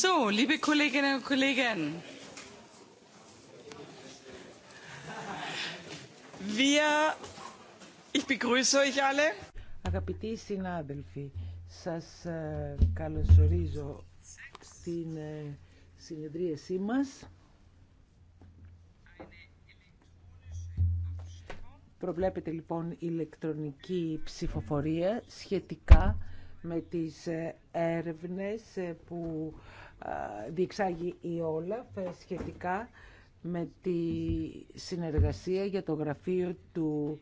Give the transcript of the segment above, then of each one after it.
So, liebe Kolleginnen und Αγαπητοί συνάδελφοι, σας ε, καλωσορίζω στην ε, συνεδρίασή μας. Προβλέπετε λοιπόν ηλεκτρονική ψηφοφορία σχετικά με τις ε, έρευνες ε, που διεξάγει η Όλαφ ε, σχετικά με τη συνεργασία για το γραφείο του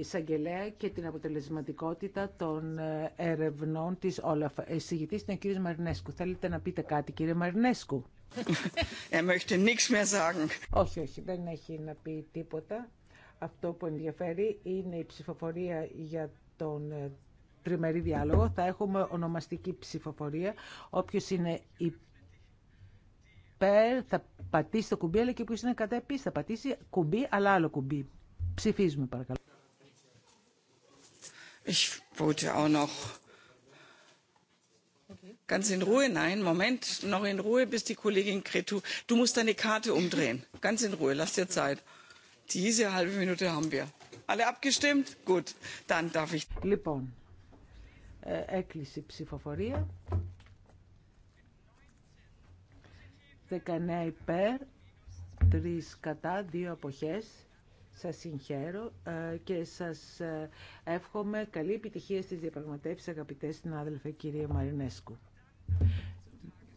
εισαγγελέα και την αποτελεσματικότητα των ερευνών της Όλαφ. Συγητής είναι ο κύριος Μαρινέσκου. Θέλετε να πείτε κάτι κύριε Μαρινέσκου. Er όχι, όχι, δεν έχει να πει τίποτα. Αυτό που ενδιαφέρει είναι η ψηφοφορία για τον τριμερή διάλογο. Θα έχουμε ονομαστική ψηφοφορία. Όποιο είναι υπέρ θα πατήσει το κουμπί, αλλά και όποιο είναι κατά επίση θα πατήσει κουμπί, αλλά άλλο κουμπί. Ψηφίζουμε παρακαλώ. Ich wollte auch noch ganz in Ruhe, nein, Moment, noch in Ruhe, bis die Kollegin Kretou. du musst deine Karte umdrehen. Ganz in Ruhe, lass dir Zeit. Diese halbe Minute haben wir. Alle abgestimmt? Gut, dann darf ich. Λοιπόν, ε, έκλεισε ψηφοφορία. 19 υπέρ, 3 κατά, 2 αποχές. Σας συγχαίρω ε, και σας ε, εύχομαι καλή επιτυχία στις διαπραγματεύσεις αγαπητές συνάδελφε κυρία Μαρινέσκου.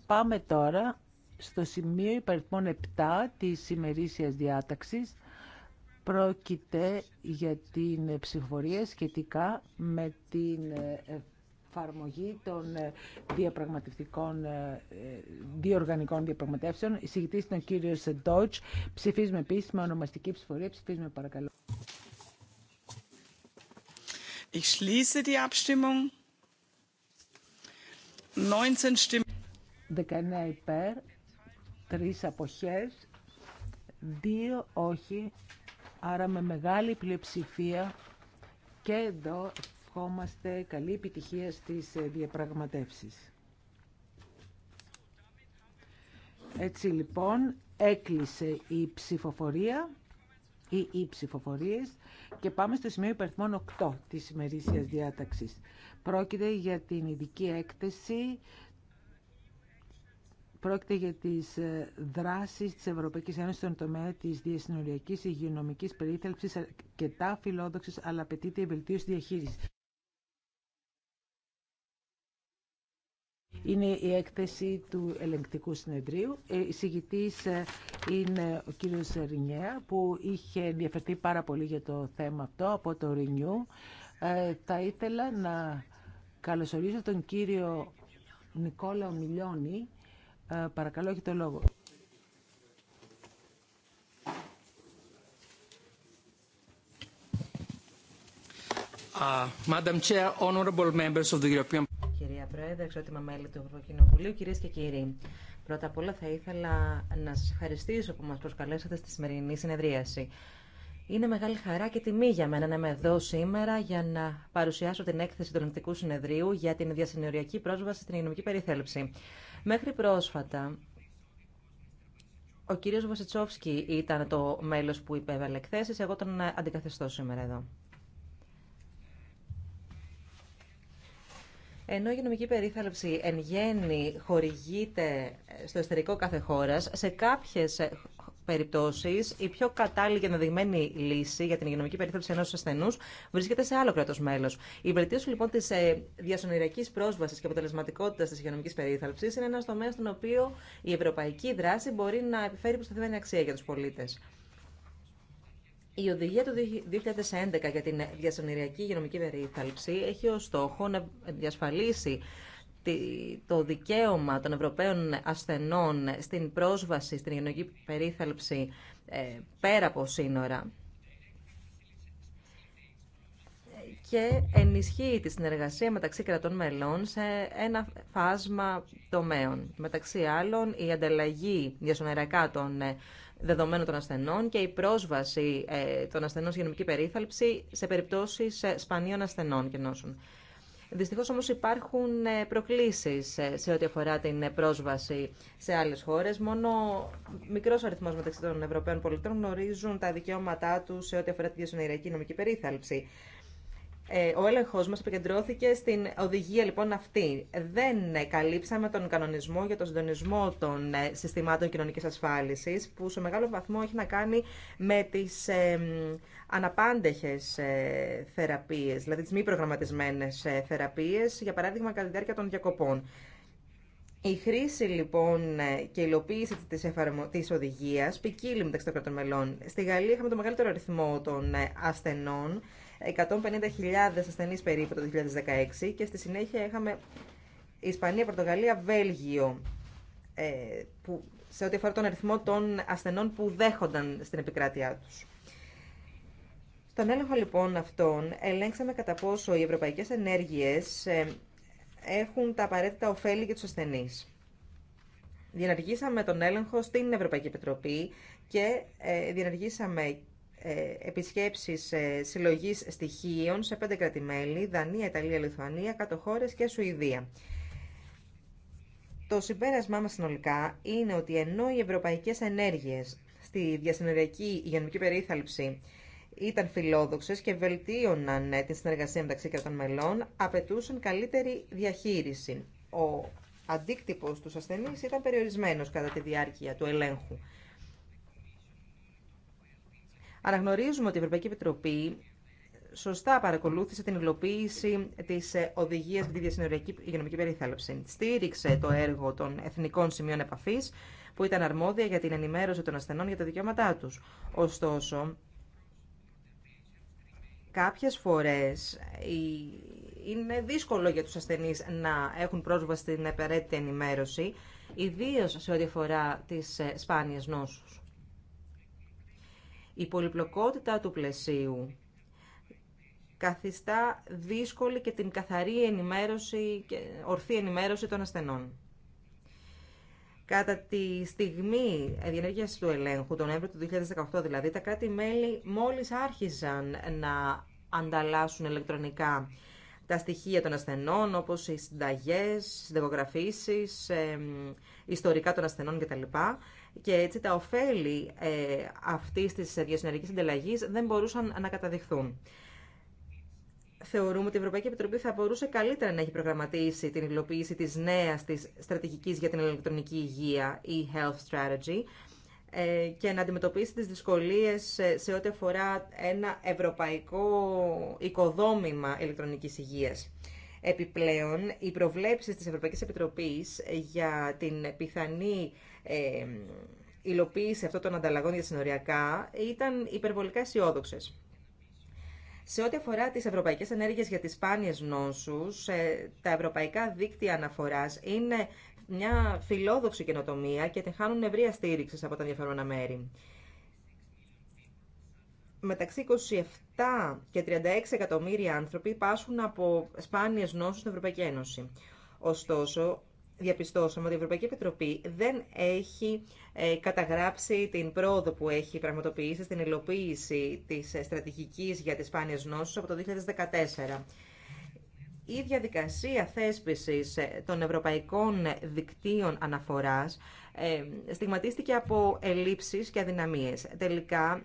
Πάμε τώρα στο σημείο υπαριθμών 7 της ημερήσιας διάταξης. Πρόκειται για την ψηφοφορία σχετικά με την εφαρμογή των ε, διαπραγματευτικών, ε, ε, διοργανικών διαπραγματεύσεων. Εισηγητής ήταν ο κύριος Ντότς. Ψηφίζουμε επίσης με ονομαστική ψηφορία. Ψηφίζουμε παρακαλώ. Ich schließe die Abstimmung. 19 Stimmen. 19 υπέρ, 3 αποχές, 2 όχι, άρα με μεγάλη πλειοψηφία και εδώ ευχόμαστε καλή επιτυχία στις ε, διαπραγματεύσεις. Έτσι λοιπόν έκλεισε η ψηφοφορία ή οι ψηφοφορίες και πάμε στο σημείο υπερθμών 8 της ημερήσιας διάταξης. Πρόκειται για την ειδική έκθεση Πρόκειται για τις ε, δράσεις της Ευρωπαϊκής Ένωσης στον τομέα της διασυνοριακής υγειονομικής περίθαλψης αρκετά τα φιλόδοξης, αλλά απαιτείται η βελτίωση διαχείρισης. είναι η έκθεση του ελεγκτικού συνεδρίου. Ε, η ε, είναι ο κύριος Ρινιέα που είχε ενδιαφερθεί πάρα πολύ για το θέμα αυτό από το Ρινιού. Ε, θα ήθελα να καλωσορίσω τον κύριο Νικόλαο Μιλιώνη. Παρακαλώ, έχει το λόγο. Uh, Madam Chair, honorable members of the European Πρόεδρε, εξότιμα μέλη του Ευρωκοινοβουλίου, κυρίε και κύριοι. Πρώτα απ' όλα θα ήθελα να σα ευχαριστήσω που μα προσκαλέσατε στη σημερινή συνεδρίαση. Είναι μεγάλη χαρά και τιμή για μένα να είμαι εδώ σήμερα για να παρουσιάσω την έκθεση του Ελληνικού Συνεδρίου για την διασυνοριακή πρόσβαση στην υγειονομική περιθέλεψη. Μέχρι πρόσφατα, ο κύριος Βασιτσόφσκι ήταν το μέλος που υπέβαλε εκθέσεις, εγώ τον αντικαθιστώ σήμερα εδώ. Ενώ η υγειονομική περίθαλψη εν γέννη χορηγείται στο εσωτερικό κάθε χώρα σε κάποιε περιπτώσει η πιο κατάλληλη και ενδεδειγμένη λύση για την υγειονομική περίθαλψη ενό ασθενού βρίσκεται σε άλλο κρατό μέλο. Η βελτίωση λοιπόν τη ε, διασωνηριακή πρόσβαση και αποτελεσματικότητα τη υγειονομικής περίθαλψη είναι ένα τομέα στον οποίο η ευρωπαϊκή δράση μπορεί να επιφέρει προστατευμένη αξία για του πολίτε. Η οδηγία του 2011 για την διασυνοριακή υγειονομική περίθαλψη έχει ως στόχο να διασφαλίσει το δικαίωμα των Ευρωπαίων ασθενών στην πρόσβαση στην υγειονομική περίθαλψη ε, πέρα από σύνορα και ενισχύει τη συνεργασία μεταξύ κρατών μελών σε ένα φάσμα τομέων. Μεταξύ άλλων, η ανταλλαγή διασυνοριακά των ε, δεδομένων των ασθενών και η πρόσβαση ε, των ασθενών σε γενομική περίθαλψη σε περιπτώσεις ε, σπανίων ασθενών και νόσων. Δυστυχώ όμω υπάρχουν ε, προκλήσει σε ό,τι αφορά την πρόσβαση σε άλλε χώρε. Μόνο μικρό αριθμό μεταξύ των Ευρωπαίων πολιτών γνωρίζουν τα δικαιώματά του σε ό,τι αφορά τη διασυνοριακή νομική περίθαλψη. Ε, ο έλεγχο μα επικεντρώθηκε στην οδηγία λοιπόν αυτή. Δεν καλύψαμε τον κανονισμό για τον συντονισμό των ε, συστημάτων κοινωνική ασφάλισης που σε μεγάλο βαθμό έχει να κάνει με τις ε, αναπάντεχες θεραπείες, δηλαδή τι μη προγραμματισμένες θεραπείες, για παράδειγμα κατά τη διάρκεια των διακοπών. Η χρήση λοιπόν και η υλοποίηση της, εφαρμο... της οδηγίας ποικίλει μεταξύ των κρατών μελών. Στη Γαλλία είχαμε το μεγαλύτερο αριθμό των ασθενών 150.000 ασθενείς περίπου το 2016 και στη συνέχεια είχαμε Ισπανία, Πορτογαλία, Βέλγιο ε, που σε ό,τι αφορά τον αριθμό των ασθενών που δέχονταν στην επικράτειά τους. Στον έλεγχο λοιπόν αυτών ελέγξαμε κατά πόσο οι ευρωπαϊκές ενέργειες ε, έχουν τα απαραίτητα ωφέλη για τους ασθενείς. Διενεργήσαμε τον έλεγχο στην Ευρωπαϊκή Επιτροπή και ε, διενεργήσαμε ε, επισκέψεις ε, συλλογής στοιχείων σε πέντε κρατημέλη, Δανία, Ιταλία, Λιθουανία, κατοχώρες και Σουηδία. Το συμπέρασμά μας συνολικά είναι ότι ενώ οι ευρωπαϊκές ενέργειες στη διασυνοριακή υγειονομική περίθαλψη ήταν φιλόδοξες και βελτίωναν ε, τη συνεργασία μεταξύ κρατών μελών, απαιτούσαν καλύτερη διαχείριση. Ο αντίκτυπος του ασθενείς ήταν περιορισμένος κατά τη διάρκεια του ελέγχου. Αναγνωρίζουμε ότι η Ευρωπαϊκή Επιτροπή σωστά παρακολούθησε την υλοποίηση τη ε, οδηγία για τη διασυνοριακή υγειονομική περίθαλψη. Στήριξε το έργο των Εθνικών Σημείων Επαφή που ήταν αρμόδια για την ενημέρωση των ασθενών για τα δικαιώματά του. Ωστόσο, κάποιες φορές ε, είναι δύσκολο για τους ασθενείς να έχουν πρόσβαση στην απαραίτητη ενημέρωση, ιδίως σε ό,τι αφορά τις ε, σπάνιες νόσους. Η πολυπλοκότητα του πλαισίου καθιστά δύσκολη και την καθαρή ενημέρωση και ορθή ενημέρωση των ασθενών. Κατά τη στιγμή διενέργειας του ελέγχου, τον Νοέμβριο του 2018 δηλαδή, τα κράτη-μέλη μόλις άρχισαν να ανταλλάσσουν ηλεκτρονικά τα στοιχεία των ασθενών, όπως οι συνταγές, συνταγογραφήσεις, ε, ιστορικά των ασθενών κτλ και έτσι τα ωφέλη ε, αυτής της διασυνεργική δεν μπορούσαν να καταδειχθούν. Θεωρούμε ότι η Ευρωπαϊκή Επιτροπή θα μπορούσε καλύτερα να έχει προγραμματίσει την υλοποίηση της νέας της στρατηγικής για την ηλεκτρονική υγεία, e-health strategy, ε, και να αντιμετωπίσει τις δυσκολίες ε, σε ό,τι αφορά ένα ευρωπαϊκό οικοδόμημα ηλεκτρονικής υγείας. Επιπλέον, οι προβλέψεις της Ευρωπαϊκής Επιτροπής για την πιθανή ε, υλοποίηση αυτών των ανταλλαγών για ήταν υπερβολικά αισιόδοξε. Σε ό,τι αφορά τις ευρωπαϊκές ενέργειες για τις σπάνιες νόσους, ε, τα ευρωπαϊκά δίκτυα αναφοράς είναι μια φιλόδοξη καινοτομία και την χάνουν ευρεία στήριξη από τα διαφορετικά μέρη μεταξύ 27 και 36 εκατομμύρια άνθρωποι πάσχουν από σπάνιες νόσους στην Ευρωπαϊκή Ένωση. Ωστόσο, διαπιστώσαμε ότι η Ευρωπαϊκή Επιτροπή δεν έχει ε, καταγράψει την πρόοδο που έχει πραγματοποιήσει στην υλοποίηση της στρατηγικής για τις σπάνιες νόσους από το 2014. Η διαδικασία θέσπισης ε, των ευρωπαϊκών δικτύων αναφοράς ε, στιγματίστηκε από ελλείψεις και αδυναμίες. Τελικά,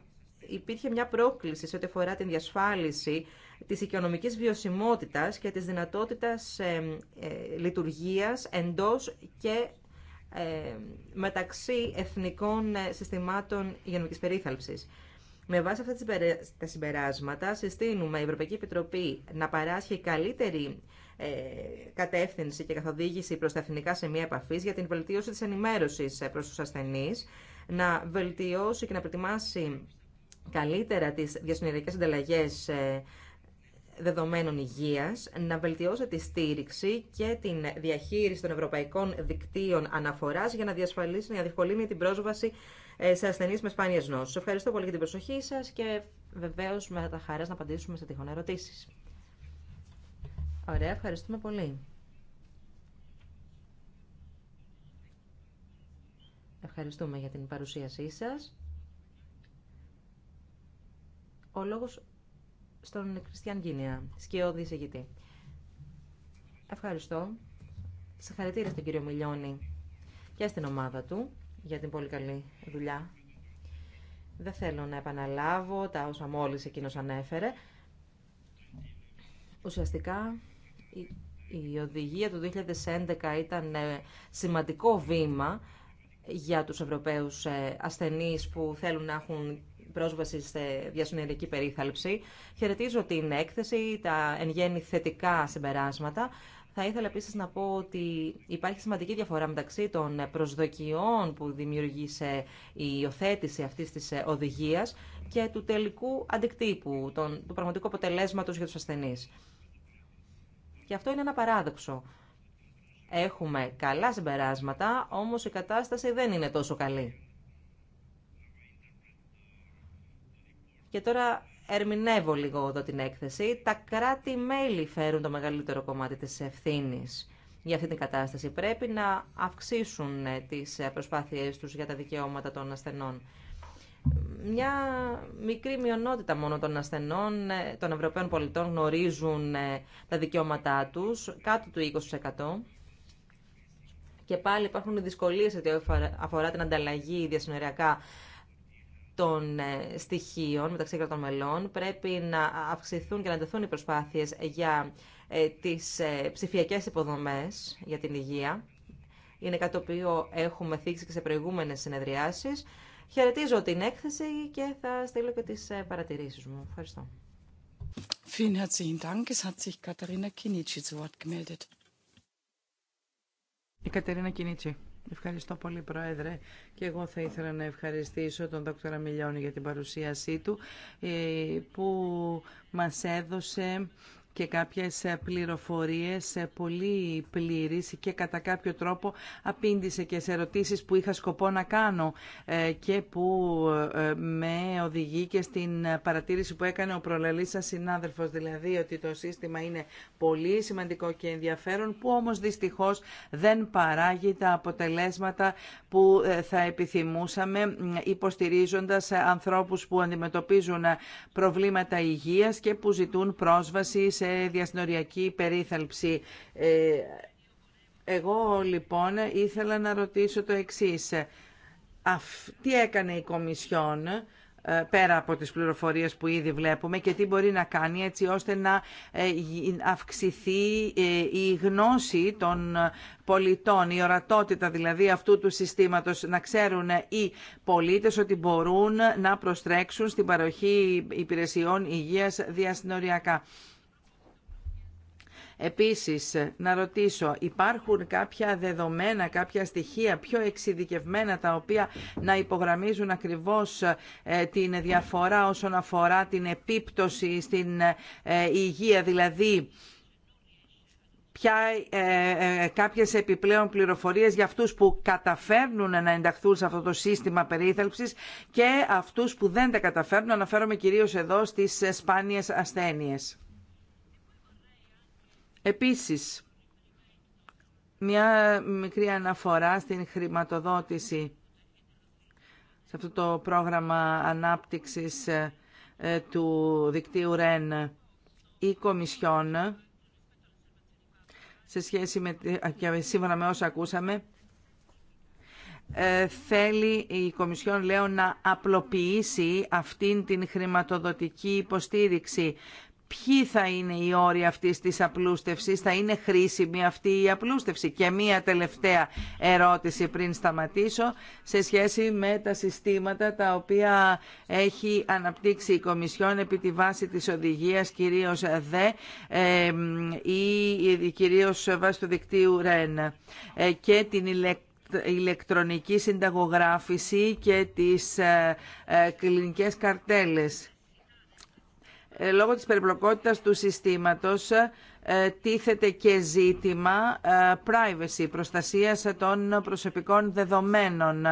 υπήρχε μια πρόκληση σε ό,τι αφορά την διασφάλιση της οικονομικής βιωσιμότητας και της δυνατότητας ε, λειτουργίας εντός και ε, μεταξύ εθνικών ε, συστημάτων υγειονομικής περίθαλψης. Με βάση αυτά τα συμπεράσματα, συστήνουμε η Ευρωπαϊκή Επιτροπή να παράσχει καλύτερη κατεύθυνση και καθοδήγηση προς τα εθνικά σημεία επαφής για την βελτίωση της ενημέρωσης προς τους ασθενείς, να βελτιώσει και να προετοιμάσει καλύτερα τις διασυνοριακές ανταλλαγέ ε, δεδομένων υγείας, να βελτιώσει τη στήριξη και την διαχείριση των ευρωπαϊκών δικτύων αναφοράς για να διασφαλίσει, να διευκολύνει την πρόσβαση ε, σε ασθενείς με σπάνιες νόσους. Ευχαριστώ πολύ για την προσοχή σας και βεβαίω με τα χαράς να απαντήσουμε σε τυχόν ερωτήσει. Ωραία, ευχαριστούμε πολύ. Ευχαριστούμε για την παρουσίασή σας. Ο λόγος στον Κριστιαν Γκίνια, σκιώδη εισηγητή. Ευχαριστώ. Συγχαρητήρια στον κύριο Μιλιώνη και στην ομάδα του για την πολύ καλή δουλειά. Δεν θέλω να επαναλάβω τα όσα μόλις εκείνος ανέφερε. Ουσιαστικά η οδηγία του 2011 ήταν ε, σημαντικό βήμα για τους Ευρωπαίους ε, ασθενείς που θέλουν να έχουν πρόσβαση σε διασυνοριακή περίθαλψη. Χαιρετίζω την έκθεση, τα εν γέννη θετικά συμπεράσματα. Θα ήθελα επίση να πω ότι υπάρχει σημαντική διαφορά μεταξύ των προσδοκιών που δημιουργήσε η υιοθέτηση αυτή τη οδηγία και του τελικού αντικτύπου, τον, του πραγματικού αποτελέσματο για του ασθενεί. Και αυτό είναι ένα παράδοξο. Έχουμε καλά συμπεράσματα, όμως η κατάσταση δεν είναι τόσο καλή. Και τώρα ερμηνεύω λίγο εδώ την έκθεση. Τα κράτη-μέλη φέρουν το μεγαλύτερο κομμάτι της ευθύνη για αυτή την κατάσταση. Πρέπει να αυξήσουν ε, τις ε, προσπάθειές τους για τα δικαιώματα των ασθενών. Μια μικρή μειονότητα μόνο των ασθενών, ε, των Ευρωπαίων πολιτών γνωρίζουν τα δικαιώματά τους, κάτω του 20%. Και πάλι υπάρχουν δυσκολίες ότι αφορά την ανταλλαγή διασυνοριακά των ε, στοιχείων μεταξύ κρατών μελών. Πρέπει να αυξηθούν και να τεθούν οι προσπάθειες για ε, τις ε, ψηφιακές υποδομές για την υγεία. Είναι κάτι το οποίο έχουμε θίξει και σε προηγούμενες συνεδριάσεις. Χαιρετίζω την έκθεση και θα στείλω και τις παρατηρήσεις μου. Ευχαριστώ. Vielen herzlichen Dank. Es hat sich zu Wort gemeldet. Η Κατερίνα Κινίτσι. Ευχαριστώ πολύ Πρόεδρε και εγώ θα ήθελα να ευχαριστήσω τον Δόκτωρα Μιλιώνη για την παρουσίασή του ε, που μας έδωσε και κάποιες ε, πληροφορίες ε, πολύ πλήρηση και κατά κάποιο τρόπο απήντησε και σε ερωτήσεις που είχα σκοπό να κάνω ε, και που με οδηγεί και στην παρατήρηση που έκανε ο προλαλής σας συνάδελφος, δηλαδή ότι το σύστημα είναι πολύ σημαντικό και ενδιαφέρον, που όμως δυστυχώς δεν παράγει τα αποτελέσματα που θα επιθυμούσαμε, υποστηρίζοντας ανθρώπους που αντιμετωπίζουν προβλήματα υγείας και που ζητούν πρόσβαση σε διασνοριακή περίθαλψη. Ε, εγώ λοιπόν ήθελα να ρωτήσω το εξής. Τι έκανε η Κομισιόν ε, πέρα από τις πληροφορίες που ήδη βλέπουμε και τι μπορεί να κάνει έτσι ώστε να ε, αυξηθεί η γνώση των πολιτών, η ορατότητα δηλαδή αυτού του συστήματος, να ξέρουν οι πολίτες ότι μπορούν να προστρέξουν στην παροχή υπηρεσιών υγείας διασυνοριακά. Επίσης, να ρωτήσω, υπάρχουν κάποια δεδομένα, κάποια στοιχεία πιο εξειδικευμένα τα οποία να υπογραμμίζουν ακριβώς ε, την διαφορά όσον αφορά την επίπτωση στην ε, υγεία, δηλαδή πια ε, κάποιες επιπλέον πληροφορίες για αυτούς που καταφέρνουν να ενταχθούν σε αυτό το σύστημα περίθαλψης και αυτούς που δεν τα καταφέρνουν. Αναφέρομαι κυρίως εδώ στις σπάνιες ασθένειες. Επίσης, μια μικρή αναφορά στην χρηματοδότηση σε αυτό το πρόγραμμα ανάπτυξης ε, του δικτύου REN ή Κομισιόν σε σχέση με όσα ακούσαμε θέλει ή Κομισιόν σε σχέση με, και σύμφωνα με όσα ακούσαμε, ε, θέλει η Κομισιόν, λέω, να απλοποιήσει αυτήν την χρηματοδοτική υποστήριξη ποιοι θα είναι οι όροι αυτή τη απλούστευσης, θα είναι χρήσιμη αυτή η απλούστευση. Και μία τελευταία ερώτηση πριν σταματήσω σε σχέση με τα συστήματα τα οποία έχει αναπτύξει η Κομισιόν επί τη βάση της οδηγίας κυρίως ΔΕ ή κυρίως βάσει του δικτύου ΡΕΝ ε, και την ηλεκτρονική συνταγογράφηση και τις ε, ε, κλινικές καρτέλες. Ε, λόγω της περιπλοκότητας του συστήματος ε, τίθεται και ζήτημα ε, privacy, προστασίας των προσωπικών δεδομένων.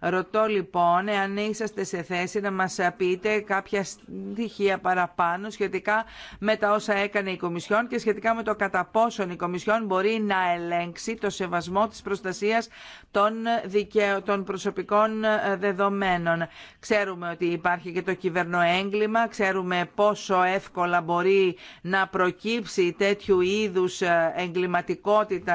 Ρωτώ λοιπόν αν είσαστε σε θέση να μας πείτε κάποια στοιχεία παραπάνω σχετικά με τα όσα έκανε η Κομισιόν και σχετικά με το κατά πόσον η Κομισιόν μπορεί να ελέγξει το σεβασμό της προστασίας των, προσωπικών ε, δεδομένων. Ξέρουμε ότι υπάρχει και το κυβερνοέγκλημα, ξέρουμε πόσο εύκολα μπορεί να προκύψει τέτοιου είδους ε, εγκληματικότητα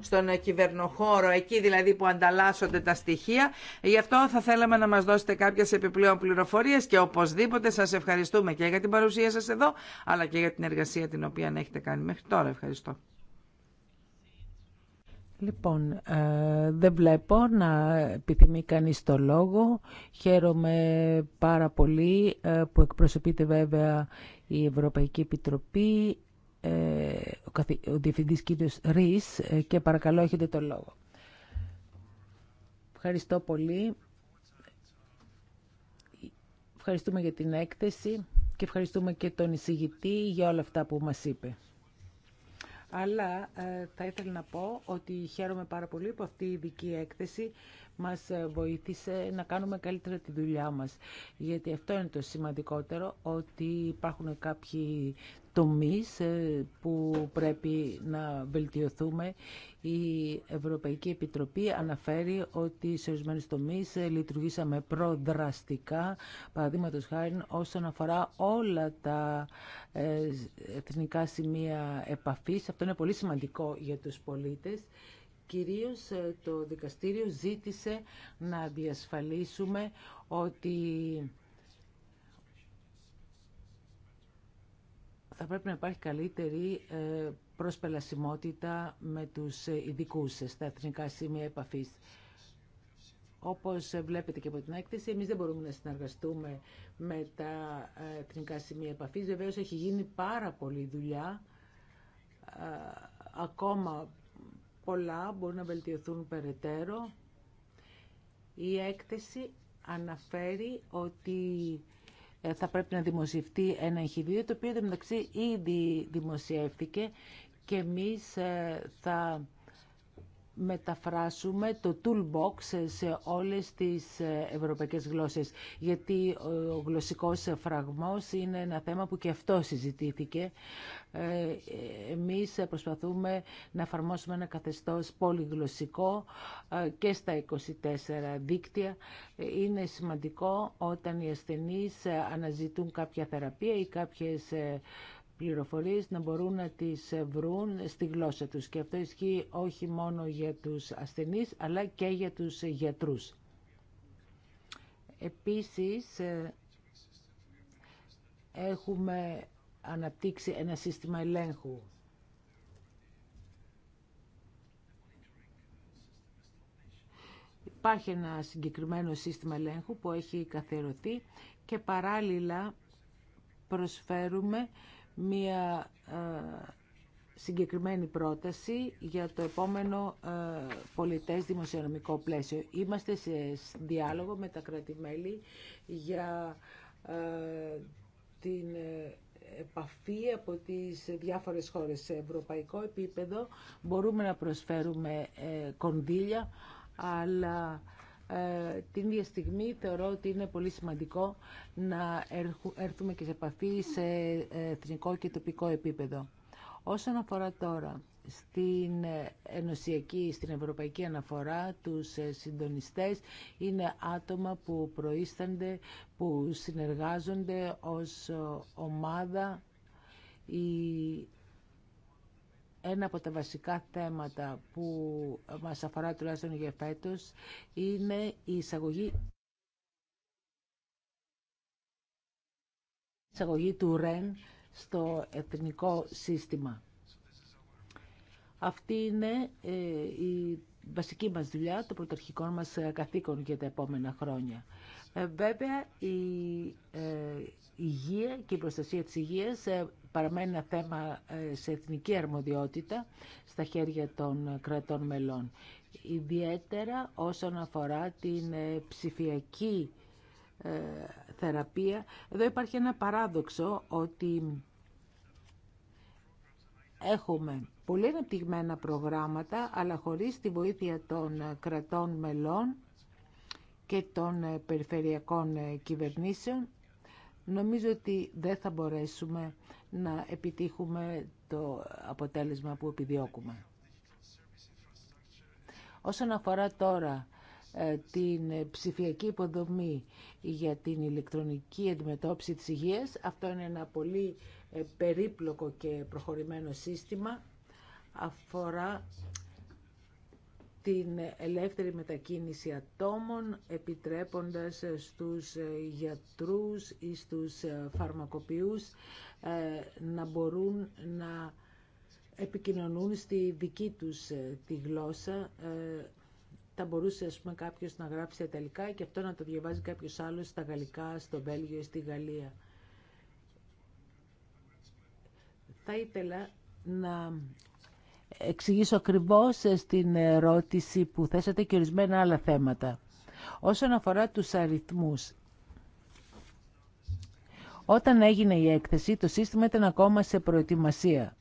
στον κυβερνοχώρο, εκεί δηλαδή που ανταλλάσσονται τα στοιχεία. Γι' αυτό θα θέλαμε να μας δώσετε κάποιες επιπλέον πληροφορίες και οπωσδήποτε σας ευχαριστούμε και για την παρουσία σας εδώ, αλλά και για την εργασία την οποία έχετε κάνει μέχρι τώρα. Ευχαριστώ. Λοιπόν, ε, δεν βλέπω να επιθυμεί κανείς το λόγο. Χαίρομαι πάρα πολύ ε, που εκπροσωπείται βέβαια η Ευρωπαϊκή Επιτροπή. Ε, ο Διευθυντής κύριος Ρης ε, και παρακαλώ έχετε το λόγο. Ευχαριστώ πολύ. Ευχαριστούμε για την έκθεση και ευχαριστούμε και τον εισηγητή για όλα αυτά που μας είπε. Αλλά ε, θα ήθελα να πω ότι χαίρομαι πάρα πολύ που αυτή η ειδική έκθεση μας βοήθησε να κάνουμε καλύτερα τη δουλειά μας. Γιατί αυτό είναι το σημαντικότερο, ότι υπάρχουν κάποιοι τομείς ε, που πρέπει να βελτιωθούμε. Η Ευρωπαϊκή Επιτροπή αναφέρει ότι σε ορισμένε τομεί ε, λειτουργήσαμε προδραστικά, παραδείγματο χάρη όσον αφορά όλα τα ε, εθνικά σημεία επαφής. Αυτό είναι πολύ σημαντικό για τους πολίτες. Κυρίως το δικαστήριο ζήτησε να διασφαλίσουμε ότι θα πρέπει να υπάρχει καλύτερη ε, προσπελασιμότητα με τους ε, ειδικού στα εθνικά σημεία επαφής. Όπως ε, βλέπετε και από την έκθεση, εμείς δεν μπορούμε να συνεργαστούμε με τα εθνικά σημεία επαφής. Βεβαίω έχει γίνει πάρα πολλή δουλειά. Ακόμα πολλά μπορούν να βελτιωθούν περαιτέρω. Η έκθεση αναφέρει ότι ε, θα πρέπει να δημοσιευτεί ένα εγχειρίδιο, το οποίο μεταξύ ήδη δημοσιεύτηκε και εμείς ε, θα μεταφράσουμε το toolbox σε όλες τις ε, ευρωπαϊκές γλώσσες. Γιατί ο γλωσσικός φραγμός είναι ένα θέμα που και αυτό συζητήθηκε. Ε, εμείς προσπαθούμε να εφαρμόσουμε ένα καθεστώς πολυγλωσσικό ε, και στα 24 δίκτυα. Είναι σημαντικό όταν οι ασθενείς αναζητούν κάποια θεραπεία ή κάποιες πληροφορίες να μπορούν να τις βρουν στη γλώσσα τους και αυτό ισχύει όχι μόνο για τους ασθενείς αλλά και για τους γιατρούς. Επίσης ε, έχουμε αναπτύξει ένα σύστημα ελέγχου Υπάρχει ένα συγκεκριμένο σύστημα ελέγχου που έχει καθερωθεί και παράλληλα προσφέρουμε μία συγκεκριμένη πρόταση για το επόμενο πολιτές δημοσιονομικό πλαίσιο. Είμαστε σε διάλογο με τα κρατημέλη για την ε, επαφή από τις διάφορες χώρες σε ευρωπαϊκό επίπεδο. Μπορούμε να προσφέρουμε ε, κονδύλια, αλλά ε, την ίδια στιγμή θεωρώ ότι είναι πολύ σημαντικό να έρθουμε και σε επαφή σε ε, εθνικό και τοπικό επίπεδο. Όσον αφορά τώρα στην ε, ενωσιακή, στην ευρωπαϊκή αναφορά, τους συντονιστές είναι άτομα που προείστανται, που συνεργάζονται ως ομάδα ένα από τα βασικά θέματα που μας αφορά τουλάχιστον για φέτος είναι η εισαγωγή εισαγωγή του ΡΕΝ στο εθνικό σύστημα. Αυτή είναι ε, η βασική μας δουλειά, το πρωτορχικό μας καθήκον για τα επόμενα χρόνια. Ε, βέβαια, η ε, υγεία και η προστασία της υγείας ε, παραμένει ένα θέμα σε εθνική αρμοδιότητα στα χέρια των κρατών μελών. Ιδιαίτερα όσον αφορά την ψηφιακή θεραπεία. Εδώ υπάρχει ένα παράδοξο ότι έχουμε πολύ αναπτυγμένα προγράμματα, αλλά χωρίς τη βοήθεια των κρατών μελών και των ε, περιφερειακών ε, κυβερνήσεων, νομίζω ότι δεν θα μπορέσουμε να επιτύχουμε το αποτέλεσμα που επιδιώκουμε. Όσον αφορά τώρα ε, την ψηφιακή υποδομή για την ηλεκτρονική αντιμετώπιση της υγείας, αυτό είναι ένα πολύ περίπλοκο και προχωρημένο σύστημα, αφορά την ελεύθερη μετακίνηση ατόμων, επιτρέποντας στους γιατρούς ή στους φαρμακοποιούς ε, να μπορούν να επικοινωνούν στη δική τους ε, τη γλώσσα. Ε, θα μπορούσε ας πούμε, κάποιος να γράψει τα ιταλικά και αυτό να το διαβάζει κάποιος άλλος στα γαλλικά, στο Βέλγιο ή στη Γαλλία. Θα ήθελα να εξηγήσω ακριβώς ε, στην ερώτηση που θέσατε και ορισμένα άλλα θέματα. Όσον αφορά τους αριθμούς, όταν έγινε η έκθεση, το σύστημα ήταν ακόμα σε προετοιμασία.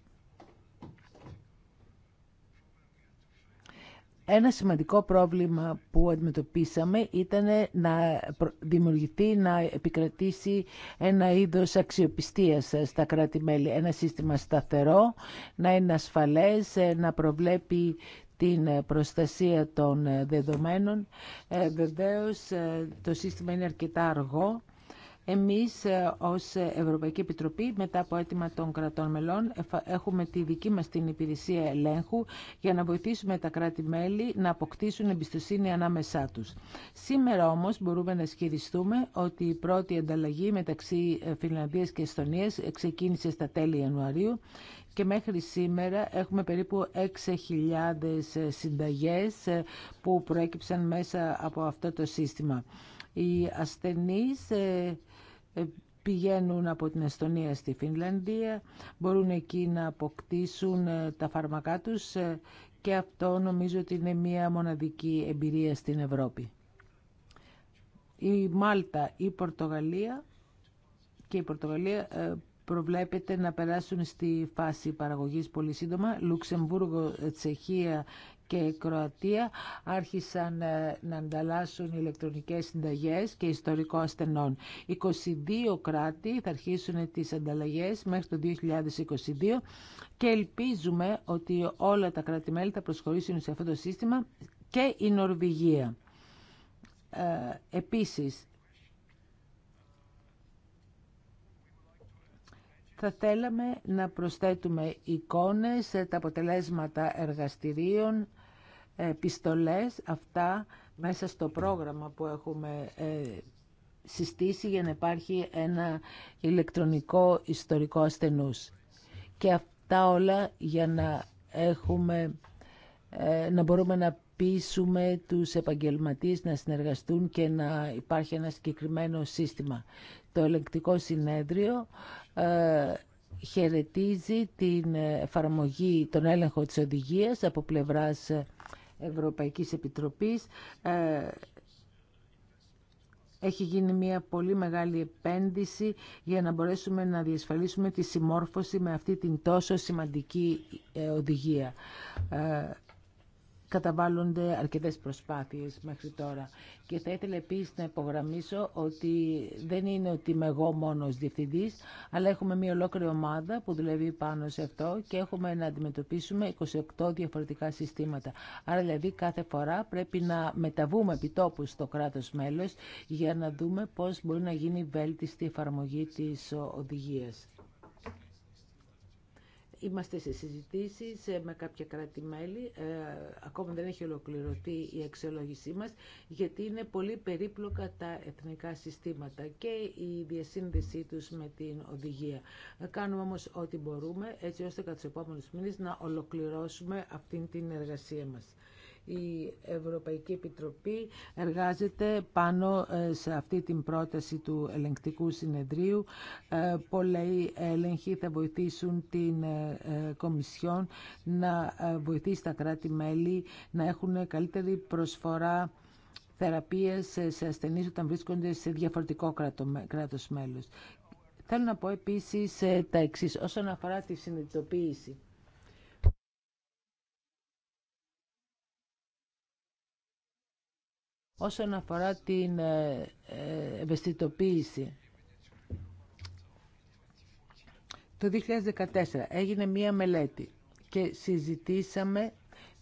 Ένα σημαντικό πρόβλημα που αντιμετωπίσαμε ήταν να δημιουργηθεί, να επικρατήσει ένα είδος αξιοπιστίας στα κράτη-μέλη, ένα σύστημα σταθερό, να είναι ασφαλές, να προβλέπει την προστασία των δεδομένων. Ε, βεβαίως ε, το σύστημα είναι αρκετά αργό εμείς ε, ως Ευρωπαϊκή Επιτροπή μετά από αίτημα των κρατών μελών έχουμε τη δική μας την υπηρεσία ελέγχου για να βοηθήσουμε τα κράτη-μέλη να αποκτήσουν εμπιστοσύνη ανάμεσά τους. Σήμερα όμως μπορούμε να ισχυριστούμε ότι η πρώτη ανταλλαγή μεταξύ ε, Φινλανδίας και Εστονίας ξεκίνησε στα τέλη Ιανουαρίου και μέχρι σήμερα έχουμε περίπου 6.000 ε, συνταγές που προέκυψαν μέσα από αυτό το σύστημα. Οι ασθενείς πηγαίνουν από την Εστονία στη Φινλανδία, μπορούν εκεί να αποκτήσουν ε, τα φάρμακά τους ε, και αυτό νομίζω ότι είναι μια μοναδική εμπειρία στην Ευρώπη. Η Μάλτα, η Πορτογαλία και η Πορτογαλία ε, προβλέπεται να περάσουν στη φάση παραγωγής πολύ σύντομα. Λουξεμβούργο, Τσεχία και η Κροατία άρχισαν ε, να ανταλλάσσουν ηλεκτρονικές συνταγές και ιστορικό ασθενών. 22 κράτη θα αρχίσουν τις ανταλλαγές μέχρι το 2022 και ελπίζουμε ότι όλα τα κράτη-μέλη θα προσχωρήσουν σε αυτό το σύστημα και η Νορβηγία. Ε, επίσης, θα θέλαμε να προσθέτουμε εικόνες, ε, τα αποτελέσματα εργαστηρίων, επιστολές. αυτά μέσα στο πρόγραμμα που έχουμε ε, συστήσει για να υπάρχει ένα ηλεκτρονικό ιστορικό ασθενούς. Και αυτά όλα για να έχουμε ε, να μπορούμε να πείσουμε τους επαγγελματίες να συνεργαστούν και να υπάρχει ένα συγκεκριμένο σύστημα. Το ελεκτικό συνέδριο ε, χαιρετίζει την εφαρμογή, τον έλεγχο της οδηγίας από πλευράς Ευρωπαϊκής Επιτροπής ε, έχει γίνει μια πολύ μεγάλη επένδυση για να μπορέσουμε να διασφαλίσουμε τη συμμόρφωση με αυτή την τόσο σημαντική ε, οδηγία. Ε, καταβάλλονται αρκετές προσπάθειες μέχρι τώρα. Και θα ήθελα επίσης να υπογραμμίσω ότι δεν είναι ότι είμαι εγώ μόνος διευθυντής, αλλά έχουμε μια ολόκληρη ομάδα που δουλεύει πάνω σε αυτό και έχουμε να αντιμετωπίσουμε 28 διαφορετικά συστήματα. Άρα δηλαδή κάθε φορά πρέπει να μεταβούμε επιτόπου στο κράτος μέλος για να δούμε πώς μπορεί να γίνει βέλτιστη εφαρμογή της οδηγίας. Είμαστε σε συζητήσεις ε, με κάποια κράτη-μέλη, ε, ακόμα δεν έχει ολοκληρωθεί η εξελόγησή μας, γιατί είναι πολύ περίπλοκα τα εθνικά συστήματα και η διασύνδεσή τους με την οδηγία. Ε, κάνουμε όμως ό,τι μπορούμε, έτσι ώστε κατά τους επόμενους μήνες να ολοκληρώσουμε αυτήν την εργασία μας. Η Ευρωπαϊκή Επιτροπή εργάζεται πάνω ε, σε αυτή την πρόταση του ελεγκτικού συνεδρίου. Ε, πολλοί έλεγχοι θα βοηθήσουν την ε, Κομισιόν να βοηθήσει τα κράτη-μέλη να έχουν καλύτερη προσφορά θεραπείες σε ασθενείς όταν βρίσκονται σε διαφορετικό κράτος μέλος. Θέλω να πω επίσης τα εξής όσον αφορά τη συνειδητοποίηση. όσον αφορά την ε, ε, ευαισθητοποίηση. Το 2014 έγινε μία μελέτη και συζητήσαμε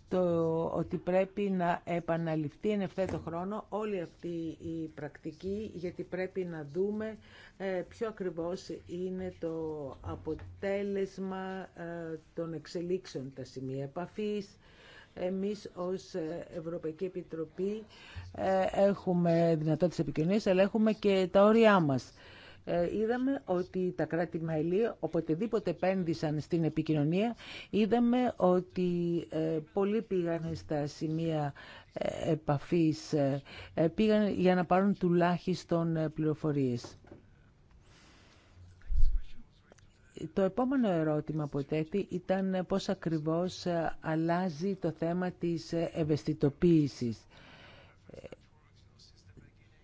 το ότι πρέπει να επαναληφθεί εν ευθέτω χρόνο όλη αυτή η πρακτική γιατί πρέπει να δούμε ε, ποιο ακριβώς είναι το αποτέλεσμα των εξελίξεων, τα σημεία επαφής, εμείς ως Ευρωπαϊκή Επιτροπή ε, έχουμε δυνατότητες επικοινωνίας, αλλά έχουμε και τα όρια μας. Ε, είδαμε ότι τα κράτη-μέλη, οποτεδήποτε επένδυσαν στην επικοινωνία, είδαμε ότι ε, πολλοί πήγαν στα σημεία επαφής, πήγαν για να πάρουν τουλάχιστον πληροφορίες. Το επόμενο ερώτημα που ήταν πώς ακριβώς αλλάζει το θέμα της ευαισθητοποίησης.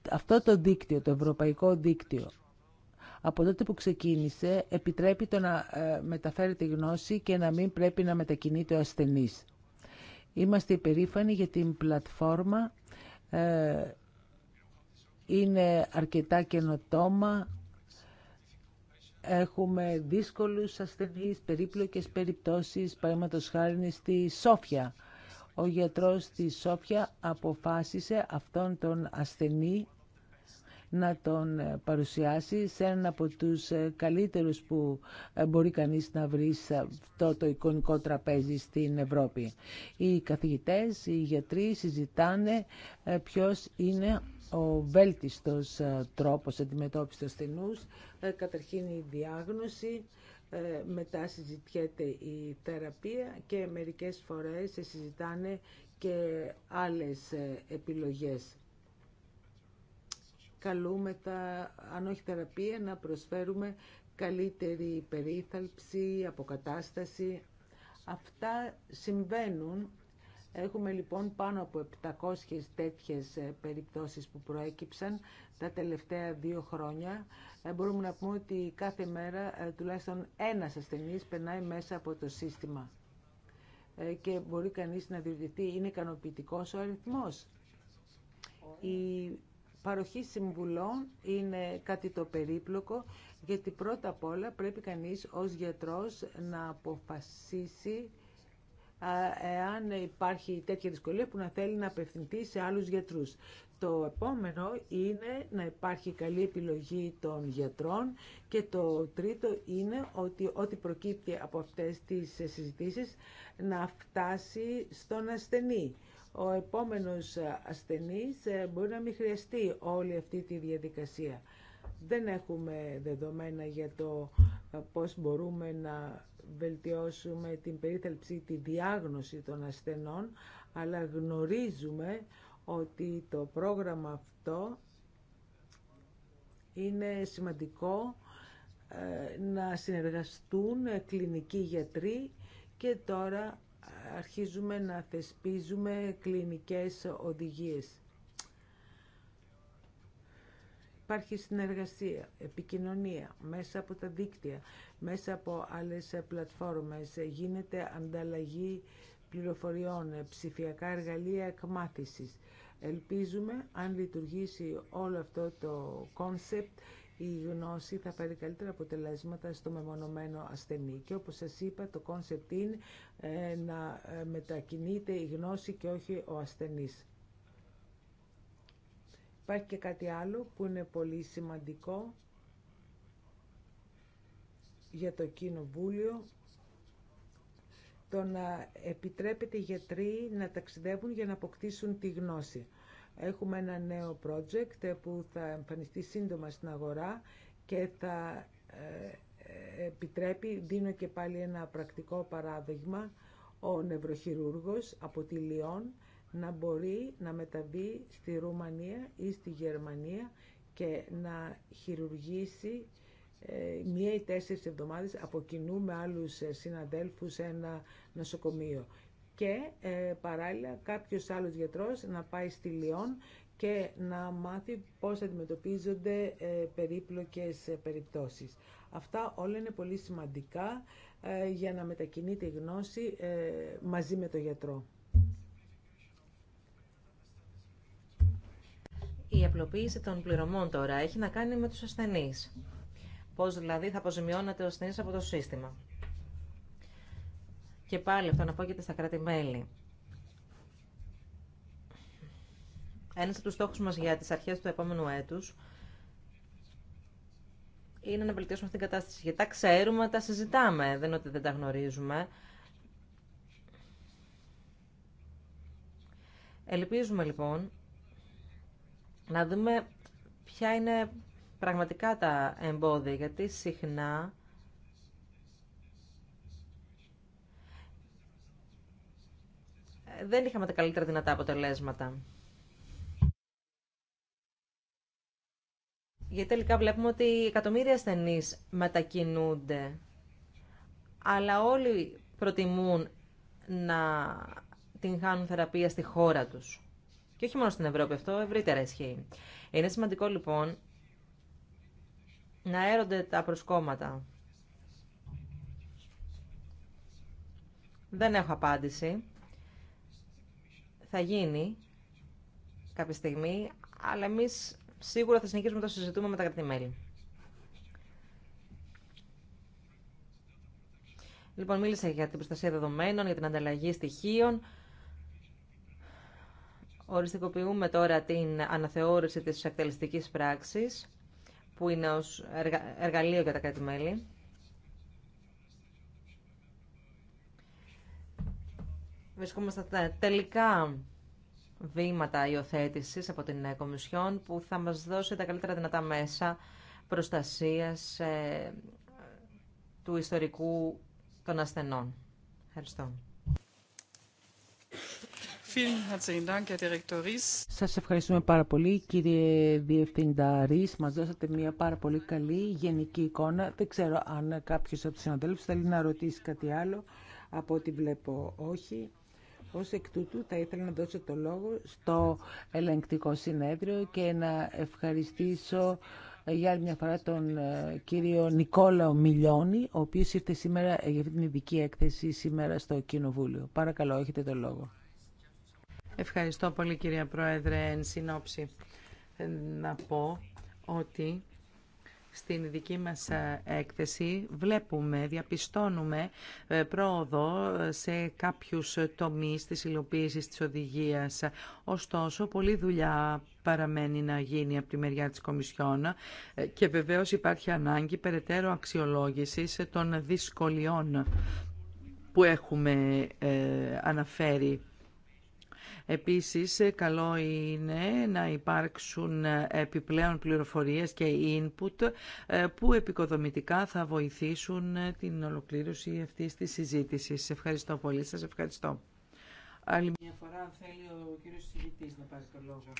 Αυτό το δίκτυο, το ευρωπαϊκό δίκτυο, από τότε που ξεκίνησε, επιτρέπει το να ε, μεταφέρει τη γνώση και να μην πρέπει να μετακινείται ο ασθενής. Είμαστε υπερήφανοι για την πλατφόρμα. Ε, είναι αρκετά καινοτόμα, Έχουμε δύσκολους ασθενείς, περίπλοκες περιπτώσεις, παραδείγματος χάρη στη Σόφια. Ο γιατρός στη Σόφια αποφάσισε αυτόν τον ασθενή να τον ε, παρουσιάσει σε έναν από τους ε, καλύτερους που ε, μπορεί κανείς να βρει σε αυτό το εικονικό τραπέζι στην Ευρώπη. Οι καθηγητές, οι γιατροί συζητάνε ποιος είναι ο βέλτιστος τρόπος αντιμετώπισης του ασθενούς. Καταρχήν η διάγνωση, μετά συζητιέται η θεραπεία και μερικές φορές συζητάνε και άλλες επιλογές τα αν όχι θεραπεία, να προσφέρουμε καλύτερη περίθαλψη, αποκατάσταση. Αυτά συμβαίνουν. Έχουμε λοιπόν πάνω από 700 τέτοιες ε, περιπτώσεις που προέκυψαν τα τελευταία δύο χρόνια. Ε, μπορούμε να πούμε ότι κάθε μέρα ε, τουλάχιστον ένας ασθενής περνάει μέσα από το σύστημα και μπορεί κανείς να διορτηθεί. Είναι ικανοποιητικό ο αριθμός. Παροχή συμβουλών είναι κάτι το περίπλοκο, γιατί πρώτα απ' όλα πρέπει κανείς ως γιατρός να αποφασίσει εάν υπάρχει τέτοια δυσκολία που να θέλει να απευθυνθεί σε άλλους γιατρούς. Το επόμενο είναι να υπάρχει καλή επιλογή των γιατρών και το τρίτο είναι ότι ό,τι προκύπτει από αυτές τις συζητήσεις να φτάσει στον ασθενή ο επόμενος ασθενής ε, μπορεί να μην χρειαστεί όλη αυτή τη διαδικασία. Δεν έχουμε δεδομένα για το ε, πώς μπορούμε να βελτιώσουμε την περίθαλψη, τη διάγνωση των ασθενών, αλλά γνωρίζουμε ότι το πρόγραμμα αυτό είναι σημαντικό ε, να συνεργαστούν κλινικοί γιατροί και τώρα αρχίζουμε να θεσπίζουμε κλινικές οδηγίες. Υπάρχει συνεργασία, επικοινωνία μέσα από τα δίκτυα, μέσα από άλλες πλατφόρμες. Γίνεται ανταλλαγή πληροφοριών, ψηφιακά εργαλεία εκμάθησης. Ελπίζουμε, αν λειτουργήσει όλο αυτό το κόνσεπτ, η γνώση θα πάρει καλύτερα αποτελέσματα στο μεμονωμένο ασθενή. Και όπως σας είπα, το κόνσεπτ είναι ε, να ε, μετακινείται η γνώση και όχι ο ασθενής. Υπάρχει και κάτι άλλο που είναι πολύ σημαντικό για το Κοινοβούλιο το να επιτρέπεται οι γιατροί να ταξιδεύουν για να αποκτήσουν τη γνώση. Έχουμε ένα νέο project που θα εμφανιστεί σύντομα στην αγορά και θα ε, ε, επιτρέπει, δίνω και πάλι ένα πρακτικό παράδειγμα, ο νευροχειρούργος από τη Λιόν να μπορεί να μεταβεί στη Ρουμανία ή στη Γερμανία και να χειρουργήσει ε, μία ή τέσσερις εβδομάδες από κοινού με άλλους συναδέλφους σε ένα νοσοκομείο και ε, παράλληλα κάποιος άλλος γιατρός να πάει στη Λιόν και να μάθει πώς αντιμετωπίζονται ε, περίπλοκες ε, περιπτώσεις. Αυτά όλα είναι πολύ σημαντικά ε, για να μετακινείται η γνώση ε, μαζί με το γιατρό. Η απλοποίηση των πληρωμών τώρα έχει να κάνει με τους ασθενείς. Πώς δηλαδή θα αποζημιώνεται ο ασθενής από το σύστημα. Και πάλι αυτό να αναπόκειται στα κράτη-μέλη. Ένα από του στόχους μας για τις αρχές του επόμενου έτους είναι να βελτιώσουμε αυτήν την κατάσταση. Γιατί τα ξέρουμε, τα συζητάμε, δεν είναι ότι δεν τα γνωρίζουμε. Ελπίζουμε λοιπόν να δούμε ποια είναι πραγματικά τα εμπόδια, γιατί συχνά δεν είχαμε τα καλύτερα δυνατά αποτελέσματα. Γιατί τελικά βλέπουμε ότι εκατομμύρια ασθενεί μετακινούνται, αλλά όλοι προτιμούν να την χάνουν θεραπεία στη χώρα τους. Και όχι μόνο στην Ευρώπη, αυτό ευρύτερα ισχύει. Είναι σημαντικό λοιπόν να έρονται τα προσκόμματα. Δεν έχω απάντηση θα γίνει κάποια στιγμή, αλλά εμεί σίγουρα θα συνεχίσουμε να το συζητούμε με τα κράτη-μέλη. Λοιπόν, μίλησα για την προστασία δεδομένων, για την ανταλλαγή στοιχείων. Οριστικοποιούμε τώρα την αναθεώρηση της εκτελεστικής πράξης, που είναι ως εργαλείο για τα κράτη-μέλη. Βρισκόμαστε στα τελικά βήματα υιοθέτηση από την ε, Κομισιόν που θα μας δώσει τα καλύτερα δυνατά μέσα προστασίας ε, του ιστορικού των ασθενών. Ευχαριστώ. Σα ευχαριστούμε πάρα πολύ κύριε Διευθύντα Ρή. Μας δώσατε μια πάρα πολύ καλή γενική εικόνα. Δεν ξέρω αν κάποιο από του συναδέλφου. θέλει να ρωτήσει κάτι άλλο. Από ό,τι βλέπω όχι. Ως εκ τούτου θα ήθελα να δώσω το λόγο στο ελεγκτικό συνέδριο και να ευχαριστήσω για άλλη μια φορά τον ε, κύριο Νικόλαο Μιλιώνη, ο οποίος ήρθε σήμερα για αυτή την ειδική έκθεση σήμερα στο Κοινοβούλιο. Παρακαλώ, έχετε το λόγο. Ευχαριστώ πολύ κυρία Πρόεδρε, εν συνόψη ε, να πω ότι στην δική μας ε, έκθεση βλέπουμε, διαπιστώνουμε ε, πρόοδο σε κάποιους τομείς της υλοποίησης της οδηγίας. Ωστόσο, πολλή δουλειά παραμένει να γίνει από τη μεριά της Κομισιόν ε, και βεβαίως υπάρχει ανάγκη περαιτέρω αξιολόγησης των δυσκολιών που έχουμε αναφέρει Επίσης, ε, καλό είναι να υπάρξουν ε, επιπλέον πληροφορίες και input ε, που επικοδομητικά θα βοηθήσουν την ολοκλήρωση αυτής της συζήτησης. Ευχαριστώ πολύ. Σας ευχαριστώ. Άλλη μια φορά, αν θέλει ο κύριος συγητής να πάρει το λόγο.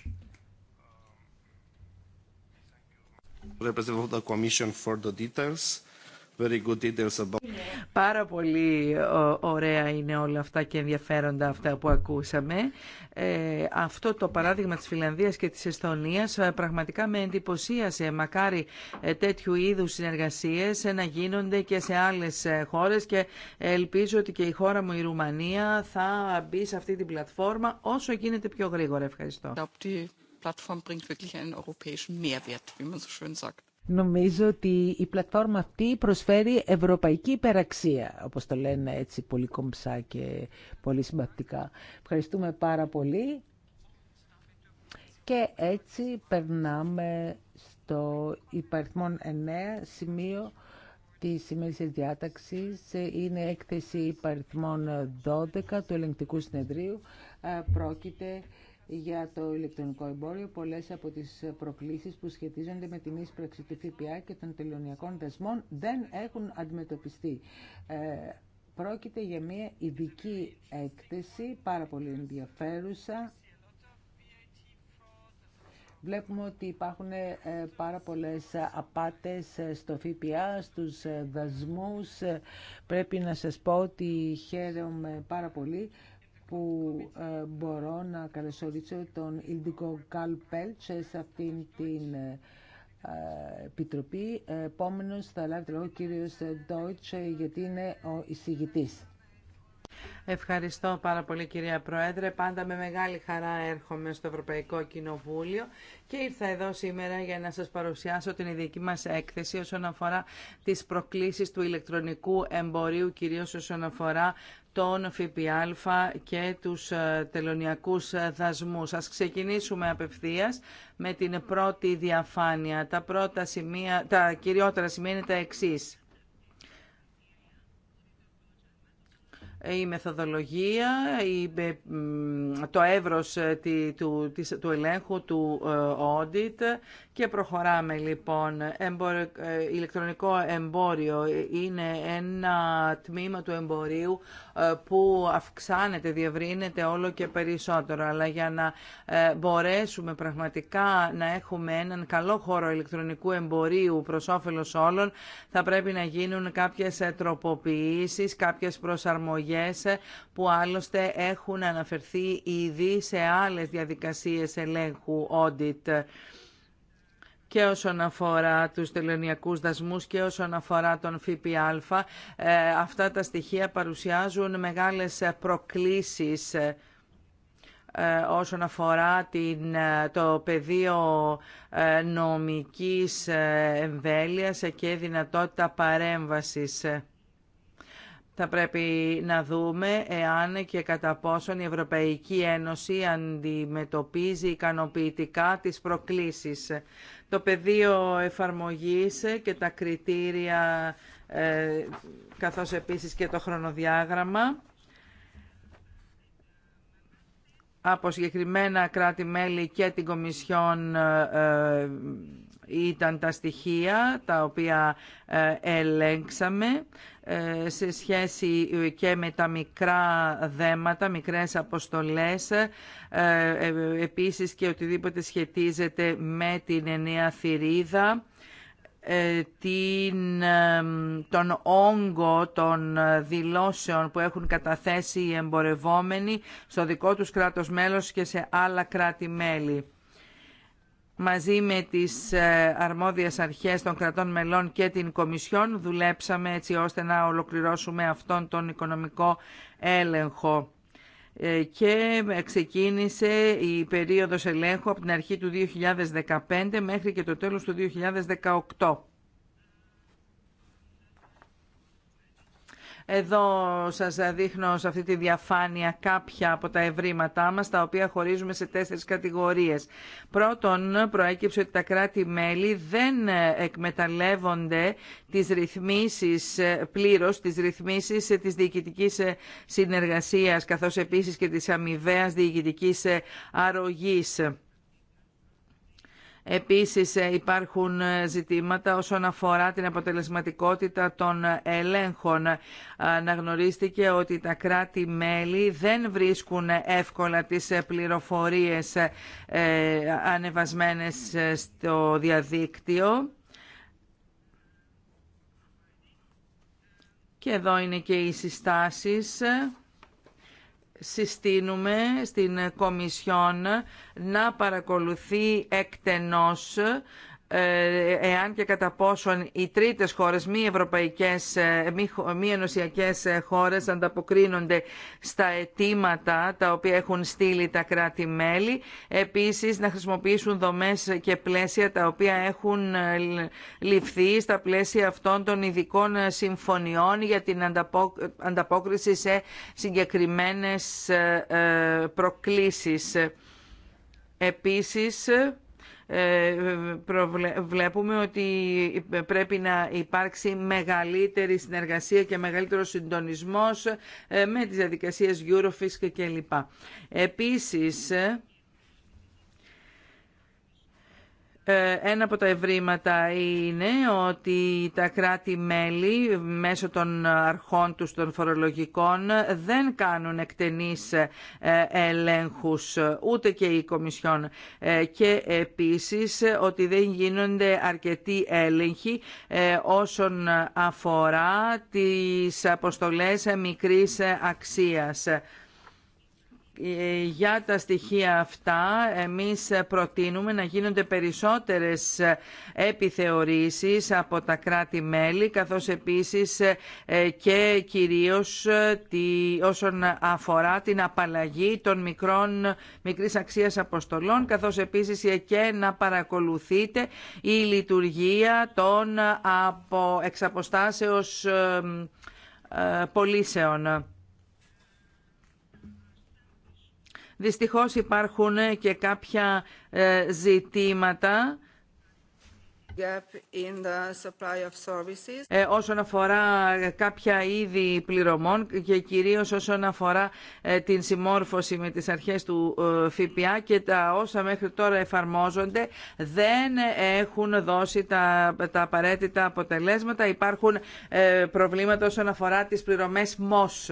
Representative of the Commission for the details. Πάρα πολύ ωραία είναι όλα αυτά και ενδιαφέροντα αυτά που ακούσαμε. Ε, αυτό το παράδειγμα της Φιλανδίας και της Εσθονίας ε, πραγματικά με εντυπωσίασε. Μακάρι ε, τέτοιου είδους συνεργασίες ε, να γίνονται και σε άλλες χώρες και ελπίζω ότι και η χώρα μου η Ρουμανία θα μπει σε αυτή την πλατφόρμα όσο γίνεται πιο γρήγορα. Ευχαριστώ. Η πλατφόρμα bringt wirklich einen europäischen Mehrwert, Νομίζω ότι η πλατφόρμα αυτή προσφέρει ευρωπαϊκή υπεραξία, όπως το λένε έτσι πολύ κομψά και πολύ συμπαθητικά. Ευχαριστούμε πάρα πολύ. Και έτσι περνάμε στο υπαριθμό 9 σημείο τη σημερινή διάταξη. Είναι έκθεση υπαριθμών 12 του ελεγκτικού συνεδρίου. Ε, πρόκειται για το ηλεκτρονικό εμπόριο πολλές από τις προκλήσεις που σχετίζονται με την ίσπραξη του ΦΠΑ και των τελωνιακών δεσμών δεν έχουν αντιμετωπιστεί. Ε, πρόκειται για μια ειδική έκθεση, πάρα πολύ ενδιαφέρουσα. Βλέπουμε ότι υπάρχουν ε, πάρα πολλές απάτες στο ΦΠΑ, στους ε, δασμούς. Πρέπει να σας πω ότι χαίρομαι πάρα πολύ που ε, μπορώ να καλωσορίσω τον Ιλντικό Καλ Πέλτ σε αυτήν την ε, επιτροπή. επόμενο θα λάβει το λόγο ο κύριο Ντόιτς ε, γιατί είναι ο εισηγητή. Ευχαριστώ πάρα πολύ κυρία Πρόεδρε. Πάντα με μεγάλη χαρά έρχομαι στο Ευρωπαϊκό Κοινοβούλιο και ήρθα εδώ σήμερα για να σας παρουσιάσω την ειδική μας έκθεση όσον αφορά τις προκλήσεις του ηλεκτρονικού εμπορίου, κυρίως όσον αφορά τον ΦΠΑ και τους ε, τελωνιακούς ε, δασμούς. Ας ξεκινήσουμε απευθείας με την πρώτη διαφάνεια. Τα, πρώτα σημεία, τα κυριότερα σημεία είναι τα εξής. η μεθοδολογία, το εύρος ε, του, του ελέγχου του ε, audit και προχωράμε λοιπόν. Ε, ηλεκτρονικό εμπόριο είναι ένα τμήμα του εμπορίου που αυξάνεται, διευρύνεται όλο και περισσότερο. Αλλά για να μπορέσουμε πραγματικά να έχουμε έναν καλό χώρο ηλεκτρονικού εμπορίου προς όφελος όλων, θα πρέπει να γίνουν κάποιες τροποποιήσεις, κάποιες προσαρμογές που άλλωστε έχουν αναφερθεί ήδη σε άλλες διαδικασίες ελέγχου audit και όσον αφορά τους τελωνιακούς δασμούς και όσον αφορά τον ΦΠΑ. Ε, αυτά τα στοιχεία παρουσιάζουν μεγάλες προκλήσεις ε, όσον αφορά την, ε, το πεδίο νομικής εμβέλειας και δυνατότητα παρέμβασης θα πρέπει να δούμε εάν και κατά πόσον η Ευρωπαϊκή Ένωση αντιμετωπίζει ικανοποιητικά τις προκλήσεις. Το πεδίο εφαρμογής και τα κριτήρια, ε, καθώς επίσης και το χρονοδιάγραμμα, από συγκεκριμένα κράτη-μέλη και την Κομισιόν ε, ήταν τα στοιχεία τα οποία ε, ελέγξαμε. Ε, σε σχέση ε, και με τα μικρά δέματα, μικρές αποστολές, ε, επίσης και οτιδήποτε σχετίζεται με την εννέα θηρίδα, την, τον όγκο των δηλώσεων που έχουν καταθέσει οι εμπορευόμενοι στο δικό τους κράτος μέλος και σε άλλα κράτη-μέλη μαζί με τις ε, αρμόδιες αρχές των κρατών μελών και την Κομισιόν δουλέψαμε έτσι ώστε να ολοκληρώσουμε αυτόν τον οικονομικό έλεγχο ε, και ξεκίνησε η περίοδος ελέγχου από την αρχή του 2015 μέχρι και το τέλος του 2018. Εδώ σας δείχνω σε αυτή τη διαφάνεια κάποια από τα ευρήματά μας, τα οποία χωρίζουμε σε τέσσερις κατηγορίες. Πρώτον, προέκυψε ότι τα κράτη-μέλη δεν εκμεταλλεύονται τις ρυθμίσεις ε, πλήρως, τις ρυθμίσεις ε, της διοικητικής ε, συνεργασίας, καθώς επίσης και της αμοιβαίας διοικητικής αρρωγής. Επίσης ε, υπάρχουν ε, ζητήματα όσον αφορά την αποτελεσματικότητα των ελέγχων. Ε, αναγνωρίστηκε ότι τα κράτη-μέλη δεν βρίσκουν εύκολα τις πληροφορίες ανεβασμένες στο διαδίκτυο. Και εδώ είναι και οι συστάσεις συστήνουμε στην Κομισιόν να παρακολουθεί εκτενώς ε, εάν και κατά πόσον οι τρίτες χώρες, μη ευρωπαϊκές, ε, μη, μη ενωσιακές ε, χώρες ανταποκρίνονται στα αιτήματα τα οποία έχουν στείλει τα κράτη-μέλη. Επίσης, να χρησιμοποιήσουν δομές και πλαίσια τα οποία έχουν ληφθεί στα πλαίσια αυτών των ειδικών συμφωνιών για την ανταπόκριση σε συγκεκριμένες προκλήσεις. Επίσης, ε, βλέπουμε ότι πρέπει να υπάρξει μεγαλύτερη συνεργασία και μεγαλύτερο συντονισμός ε, με τις διαδικασίες και κλπ. Επίσης, Ε, ένα από τα ευρήματα είναι ότι τα κράτη-μέλη μέσω των αρχών τους των φορολογικών δεν κάνουν εκτενείς ε, ελέγχους ούτε και η Κομισιόν ε, και επίσης ότι δεν γίνονται αρκετοί έλεγχοι όσον αφορά τις αποστολές μικρής αξίας για τα στοιχεία αυτά εμείς προτείνουμε να γίνονται περισσότερες επιθεωρήσεις από τα κράτη-μέλη καθώς επίσης ε, και κυρίως ε, όσον αφορά την απαλλαγή των μικρών, μικρής αξίας αποστολών καθώς επίσης ε, και να παρακολουθείτε η λειτουργία των από εξαποστάσεως πολίσεων. Δυστυχώς υπάρχουν ε, και κάποια ε, ζητήματα ε, όσον αφορά κάποια είδη πληρωμών και κυρίως όσον αφορά την συμμόρφωση με τις αρχές του ΦΠΑ και τα όσα μέχρι τώρα εφαρμόζονται δεν έχουν δώσει τα, τα απαραίτητα αποτελέσματα. Υπάρχουν προβλήματα όσον αφορά τις πληρωμές ΜΟΣ.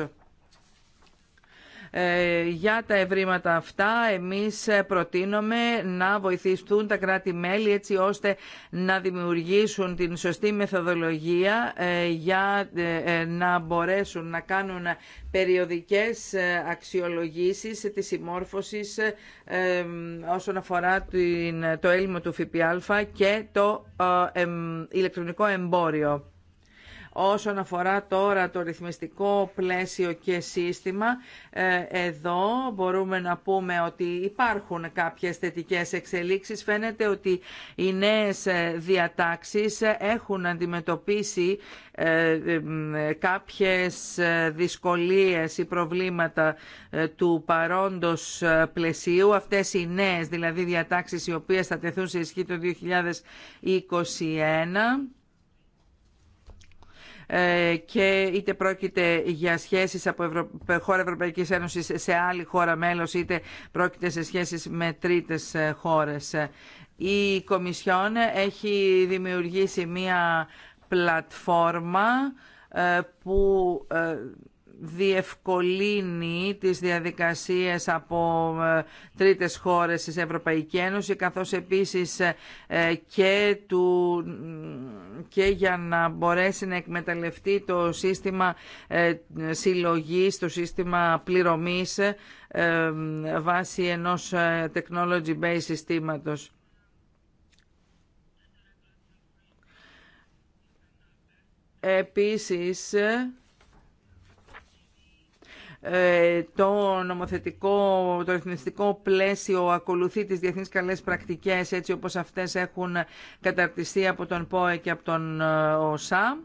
Ε, για τα ευρήματα αυτά εμείς προτείνουμε να βοηθήσουν τα κράτη-μέλη έτσι ώστε να δημιουργήσουν την σωστή μεθοδολογία ε, για ε, να μπορέσουν να κάνουν περιοδικές αξιολογήσεις της συμμόρφωσης όσον αφορά το έλλειμμα του ΦΠΑ και το ηλεκτρονικό εμπόριο. Όσον αφορά τώρα το ρυθμιστικό πλαίσιο και σύστημα, ε, εδώ μπορούμε να πούμε ότι υπάρχουν κάποιες θετικές εξελίξεις. Φαίνεται ότι οι νέες ε, διατάξεις έχουν αντιμετωπίσει ε, κάποιες δυσκολίες ή προβλήματα του παρόντος πλαισίου. Αυτές οι νέες δηλαδή διατάξεις οι οποίες θα τεθούν σε ισχύ το 2021 ε, και είτε πρόκειται για σχέσεις από Ευρω... χώρα Ευρωπαϊκής Ένωσης σε άλλη χώρα μέλος είτε πρόκειται σε σχέσεις με τρίτες ε, χώρες. Η Κομισιόν έχει δημιουργήσει μία πλατφόρμα ε, που διευκολύνει τις διαδικασίες από ε, τρίτες χώρες της Ευρωπαϊκή Ένωση καθώς επίσης ε, και, του, και για να μπορέσει να εκμεταλλευτεί το σύστημα ε, συλλογής, το σύστημα πληρωμής βάσει ενός technology-based συστήματος. Επίσης, ε, το νομοθετικό, το εθνιστικό πλαίσιο ακολουθεί τις διεθνείς καλές πρακτικές έτσι όπως αυτές έχουν καταρτιστεί από τον ΠΟΕ και από τον ε, ΟΣΑ.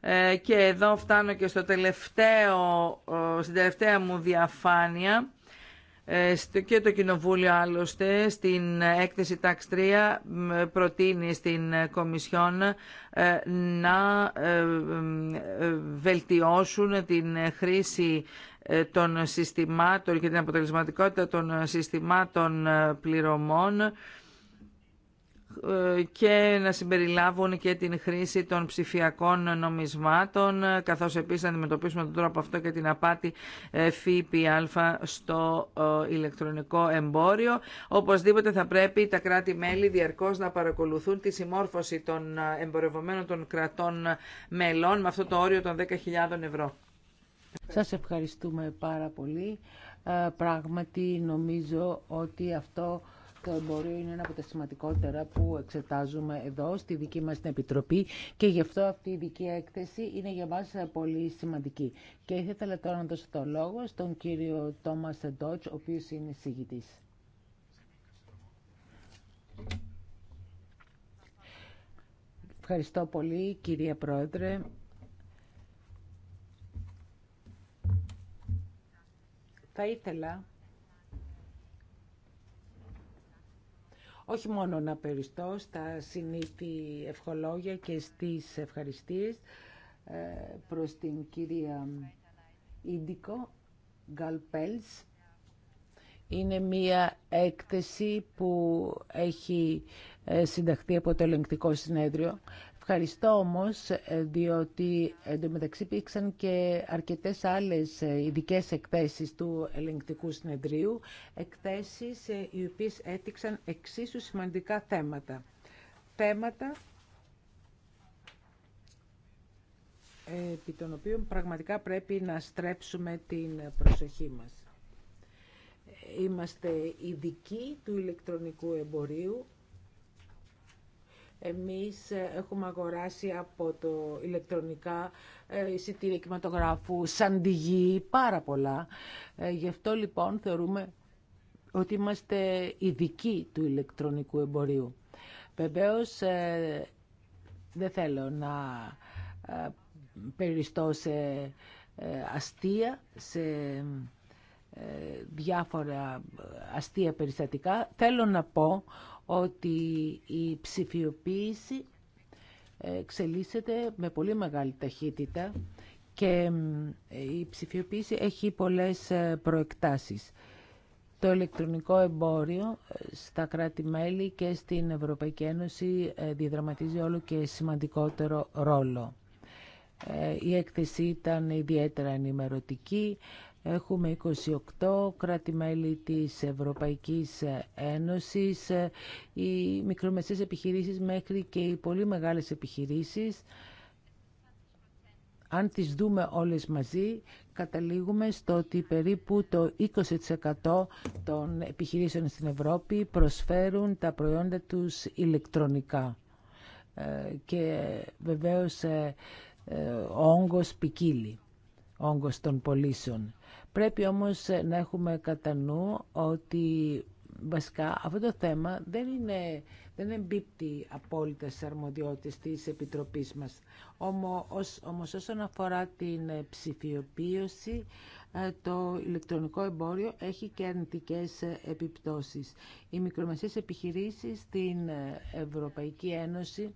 Ε, και εδώ φτάνω και στο τελευταίο, στην τελευταία μου διαφάνεια ε, και το Κοινοβούλιο άλλωστε στην έκθεση TAX 3 προτείνει στην Κομισιόν ε, να ε, βελτιώσουν την χρήση των συστημάτων και την αποτελεσματικότητα των συστημάτων πληρωμών ε, και να συμπεριλάβουν και την χρήση των ψηφιακών νομισμάτων, καθώς επίσης να αντιμετωπίσουμε τον τρόπο αυτό και την απάτη ΦΠΑ ε, στο ε, ηλεκτρονικό εμπόριο. Οπωσδήποτε θα πρέπει τα κράτη-μέλη διαρκώς να παρακολουθούν τη συμμόρφωση των εμπορευομένων των κρατών μελών με αυτό το όριο των 10.000 ευρώ. Σας ευχαριστούμε πάρα πολύ. Πράγματι νομίζω ότι αυτό το εμπόριο είναι ένα από τα σημαντικότερα που εξετάζουμε εδώ στη δική μας την Επιτροπή και γι' αυτό αυτή η δική έκθεση είναι για μας πολύ σημαντική. Και ήθελα τώρα να δώσω το λόγο στον κύριο Τόμας Ντότς, ο οποίος είναι συγητής. Ευχαριστώ πολύ κυρία Πρόεδρε. Θα ήθελα όχι μόνο να περιστώ στα συνήθι ευχολόγια και στις ευχαριστίες ε, προς την κυρία Ιντικο Γκαλπέλς. Είναι μία έκθεση που έχει ε, συνταχθεί από το ελεγκτικό συνέδριο. Ευχαριστώ όμως, ε, διότι εντωμεταξύ υπήρξαν και αρκετές άλλες ε, ειδικέ εκθέσεις του ελεγκτικού συνεδρίου, εκθέσεις ε, οι οποίες έτυξαν εξίσου σημαντικά θέματα. Θέματα επί των οποίων πραγματικά πρέπει να στρέψουμε την προσοχή μας. Είμαστε ειδικοί του ηλεκτρονικού εμπορίου, εμείς ε, έχουμε αγοράσει από το ηλεκτρονικά ε, εισιτήρια κυματογράφου, σαντιγή, πάρα πολλά. Ε, γι' αυτό λοιπόν θεωρούμε ότι είμαστε ειδικοί του ηλεκτρονικού εμπορίου. Βεβαίως δεν θέλω να περιστώ σε αστεία, σε διάφορα αστεία περιστατικά. Θέλω να πω ότι η ψηφιοποίηση εξελίσσεται με πολύ μεγάλη ταχύτητα και η ψηφιοποίηση έχει πολλές ε, προεκτάσεις. Το ηλεκτρονικό εμπόριο ε, στα κράτη-μέλη και στην Ευρωπαϊκή Ένωση ε, διαδραματίζει όλο και σημαντικότερο ρόλο. Η έκθεση ήταν ιδιαίτερα ενημερωτική, Έχουμε 28 κράτη-μέλη της Ευρωπαϊκής Ένωσης, οι μικρομεσαίες επιχειρήσεις μέχρι και οι πολύ μεγάλες επιχειρήσεις. Αν τις δούμε όλες μαζί, καταλήγουμε στο ότι περίπου το 20% των επιχειρήσεων στην Ευρώπη προσφέρουν τα προϊόντα τους ηλεκτρονικά. Ε, και βεβαίως ε, ε, ο όγκος ποικίλει. Πρέπει όμως ε, να έχουμε κατά νου ότι βασικά αυτό το θέμα δεν, είναι, δεν εμπίπτει απόλυτα στις αρμοδιότητες της Επιτροπής μας. Όμως, όμως όσον αφορά την ε, ψηφιοποίηση, ε, το ηλεκτρονικό εμπόριο έχει και αρνητικές επιπτώσεις. Οι μικρομεσαίες επιχειρήσεις στην Ευρωπαϊκή Ένωση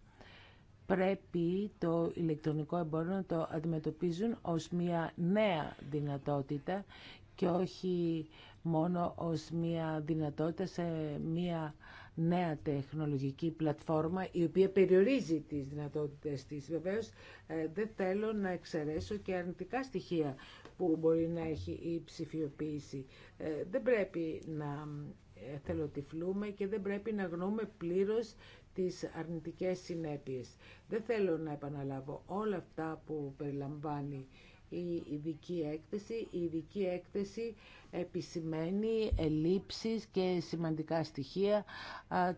πρέπει το ηλεκτρονικό εμπόριο να το αντιμετωπίζουν ως μια νέα δυνατότητα και όχι μόνο ως μια δυνατότητα σε μια νέα τεχνολογική πλατφόρμα η οποία περιορίζει τις δυνατότητες της. Βεβαίως ε, δεν θέλω να εξαιρέσω και αρνητικά στοιχεία που μπορεί να έχει η ψηφιοποίηση. Ε, δεν πρέπει να ε, θελοτυφλούμε και δεν πρέπει να γνωρούμε πλήρως τις αρνητικές συνέπειες. Δεν θέλω να επαναλάβω όλα αυτά που περιλαμβάνει η ειδική έκθεση. Η ειδική έκθεση επισημαίνει ελλείψεις και σημαντικά στοιχεία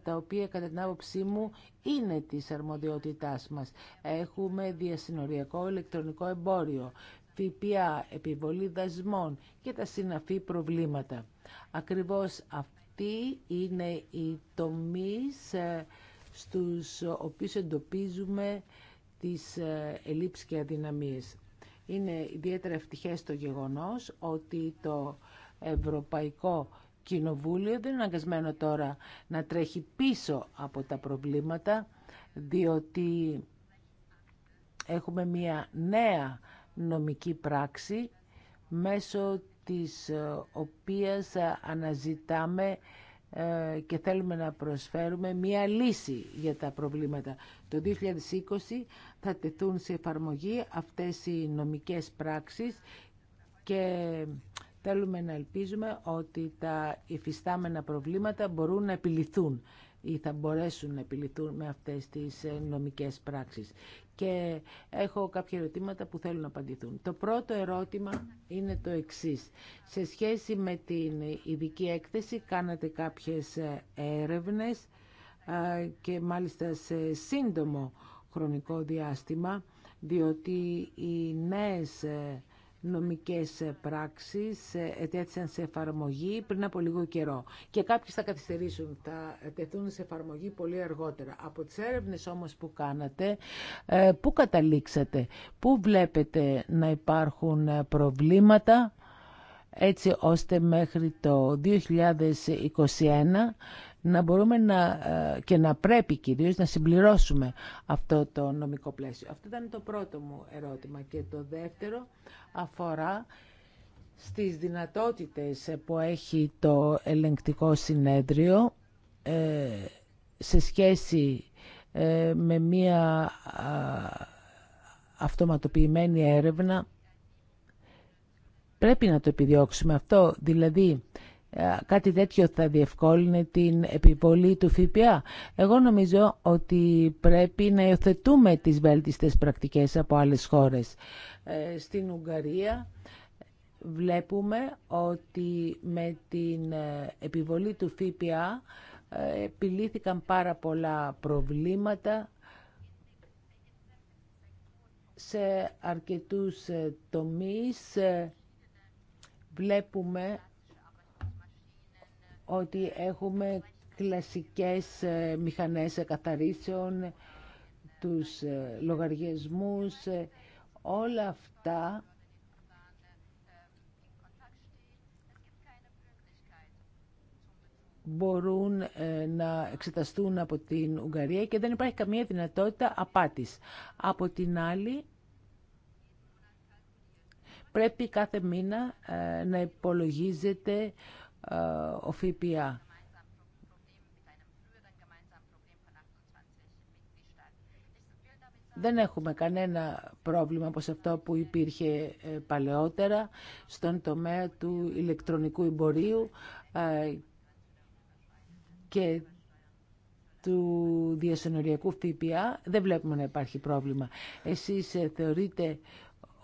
τα οποία κατά την άποψή μου είναι της αρμοδιότητάς μας. Έχουμε διασυνοριακό ηλεκτρονικό εμπόριο, ΦΠΑ, επιβολή δασμών και τα συναφή προβλήματα. Ακριβώς αυτή είναι η τομής στους οποίους εντοπίζουμε τις ε, ελλείψεις και αδυναμίες. Είναι ιδιαίτερα ευτυχές το γεγονός ότι το Ευρωπαϊκό Κοινοβούλιο δεν είναι αναγκασμένο τώρα να τρέχει πίσω από τα προβλήματα, διότι έχουμε μία νέα νομική πράξη μέσω της ε, οποίας ε, αναζητάμε ε, και θέλουμε να προσφέρουμε μία λύση για τα προβλήματα. Το 2020 θα τεθούν σε εφαρμογή αυτές οι νομικές πράξεις και θέλουμε να ελπίζουμε ότι τα υφιστάμενα προβλήματα μπορούν να επιληθούν ή θα μπορέσουν να επιληθούν με αυτές τις ε, νομικές πράξεις. Και έχω κάποια ερωτήματα που θέλουν να απαντηθούν. Το πρώτο ερώτημα είναι το εξής. Σε σχέση με την ειδική έκθεση κάνατε κάποιες ε, έρευνες και μάλιστα σε σύντομο χρονικό διάστημα, διότι οι νέες ε, νομικές πράξεις ε, ετέθησαν σε εφαρμογή πριν από λίγο καιρό και κάποιες θα καθυστερήσουν, θα τεθούν σε εφαρμογή πολύ αργότερα. Από τις έρευνες όμως που κάνατε, ε, πού καταλήξατε, πού βλέπετε να υπάρχουν ε, προβλήματα έτσι ώστε μέχρι το 2021 να μπορούμε να, ε, και να πρέπει κυρίως να συμπληρώσουμε αυτό το νομικό πλαίσιο. Αυτό ήταν το πρώτο μου ερώτημα και το δεύτερο αφορά στις δυνατότητες που έχει το ελεγκτικό συνέδριο ε, σε σχέση ε, με μία αυτοματοποιημένη έρευνα. Πρέπει να το επιδιώξουμε αυτό, δηλαδή ε, κάτι τέτοιο θα διευκόλυνε την επιβολή του ΦΠΑ. Εγώ νομίζω ότι πρέπει να υιοθετούμε τις βέλτιστες πρακτικές από άλλες χώρες. Ε, στην Ουγγαρία βλέπουμε ότι με την ε, επιβολή του ΦΠΑ επιλύθηκαν πάρα πολλά προβλήματα σε αρκετούς τομείς βλέπουμε ότι έχουμε κλασικές ε, μηχανές καθαρίσεων, τους ε, λογαριασμούς, ε, όλα αυτά μπορούν να εξεταστούν από την Ουγγαρία και δεν υπάρχει καμία δυνατότητα απάτης. Από την άλλη, πρέπει κάθε μήνα να υπολογίζεται ε, ο ΦΠΑ. Δεν έχουμε κανένα πρόβλημα όπως αυτό που υπήρχε ε, παλαιότερα στον τομέα του ηλεκτρονικού εμπορίου ε, και του διασυνοριακού ΦΠΑ. Δεν βλέπουμε να υπάρχει πρόβλημα. Εσείς θεωρείτε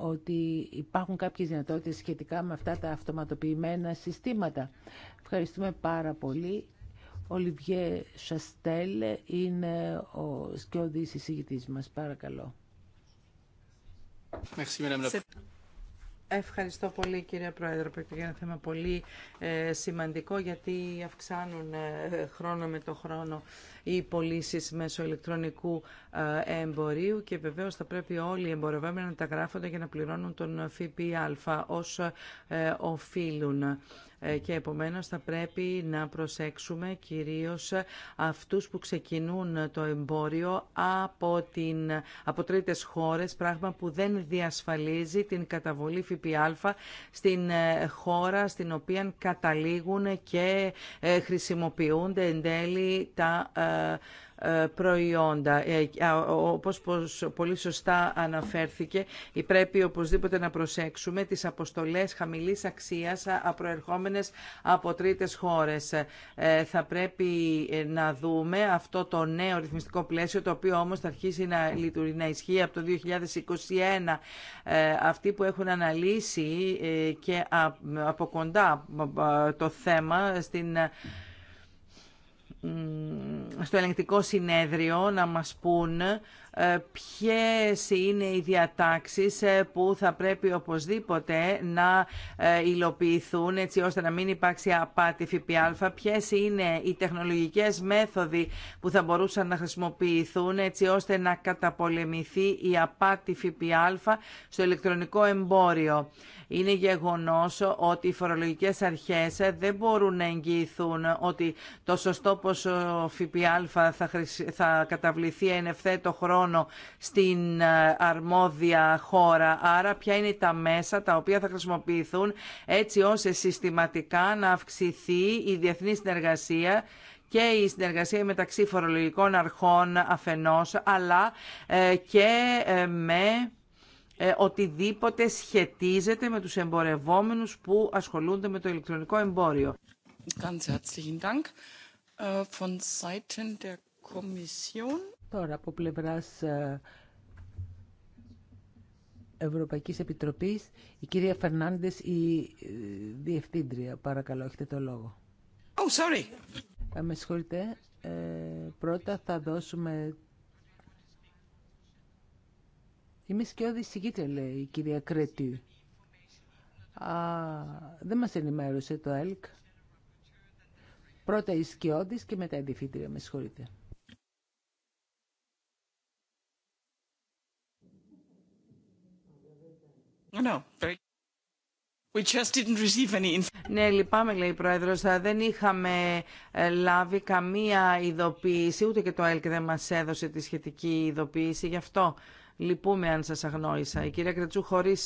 ότι υπάρχουν κάποιες δυνατότητες σχετικά με αυτά τα αυτοματοποιημένα συστήματα. Ευχαριστούμε πάρα πολύ. Ο Λιβιέ Σαστέλ είναι ο σκιώδης εισηγητής μας. Παρακαλώ. Ευχαριστώ πολύ κύριε Πρόεδρε. Πρόκειται για ένα θέμα πολύ ε, σημαντικό γιατί αυξάνουν ε, χρόνο με το χρόνο οι πωλήσει μέσω ηλεκτρονικού ε, εμπορίου και βεβαίω θα πρέπει όλοι οι εμπορευόμενοι να τα γράφονται για να πληρώνουν τον ΦΠΑ όσο οφείλουν. Ε, και επομένως θα πρέπει να προσέξουμε κυρίως αυτούς που ξεκινούν το εμπόριο από, την, από τρίτες χώρες, πράγμα που δεν διασφαλίζει την καταβολή ΦΠΑ στην ε, χώρα στην οποία καταλήγουν και ε, χρησιμοποιούνται εν τέλει τα ε, προϊόντα. Ε, όπως πολύ σωστά αναφέρθηκε, πρέπει οπωσδήποτε να προσέξουμε τις αποστολές χαμηλής αξίας απροερχόμενες από τρίτες χώρες. Ε, θα πρέπει να δούμε αυτό το νέο ρυθμιστικό πλαίσιο, το οποίο όμως θα αρχίσει να, να ισχύει από το 2021. Αυτοί που έχουν αναλύσει και από κοντά το θέμα στην στο ελεγκτικό συνέδριο να μας πούν ε, ποιες είναι οι διατάξεις ε, που θα πρέπει οπωσδήποτε να ε, υλοποιηθούν έτσι ώστε να μην υπάρξει απάτη ΦΠΑ, ποιες είναι οι τεχνολογικές μέθοδοι που θα μπορούσαν να χρησιμοποιηθούν έτσι ώστε να καταπολεμηθεί η απάτη ΦΠΑ στο ηλεκτρονικό εμπόριο. Είναι γεγονός ότι οι φορολογικές αρχές δεν μπορούν να εγγυηθούν ότι το σωστό ποσό ΦΠΑ θα καταβληθεί εν ευθέτω χρόνο στην ε, αρμόδια χώρα. Άρα ποια είναι τα μέσα τα οποία θα χρησιμοποιηθούν έτσι ώστε συστηματικά να αυξηθεί η διεθνή συνεργασία και η συνεργασία μεταξύ φορολογικών αρχών αφενός, αλλά ε, και ε, με οτιδήποτε σχετίζεται με τους εμπορευόμενους που ασχολούνται με το ηλεκτρονικό εμπόριο. Ganz herzlichen Dank. Äh, Τώρα, από πλευράς ε, Ευρωπαϊκής Επιτροπής, η κυρία Φερνάντες, η ε, Διευθύντρια, παρακαλώ, έχετε το λόγο. Oh, sorry. Ε, με συγχωρείτε, πρώτα θα δώσουμε... Είμαι σκιώδη συγκίτρια, λέει η κυρία Κρέτου. δεν μας ενημέρωσε το ΕΛΚ. Πρώτα η σκιώδης και μετά η διευθύντρια, με συγχωρείτε. ναι, λυπάμαι, λέει η Πρόεδρο. Δεν είχαμε ε, λάβει καμία ειδοποίηση, ούτε και το ΕΛΚ δεν μα έδωσε τη σχετική ειδοποίηση. Γι' αυτό λυπούμε αν σα αγνόησα. Η κυρία Κρατσού χωρί.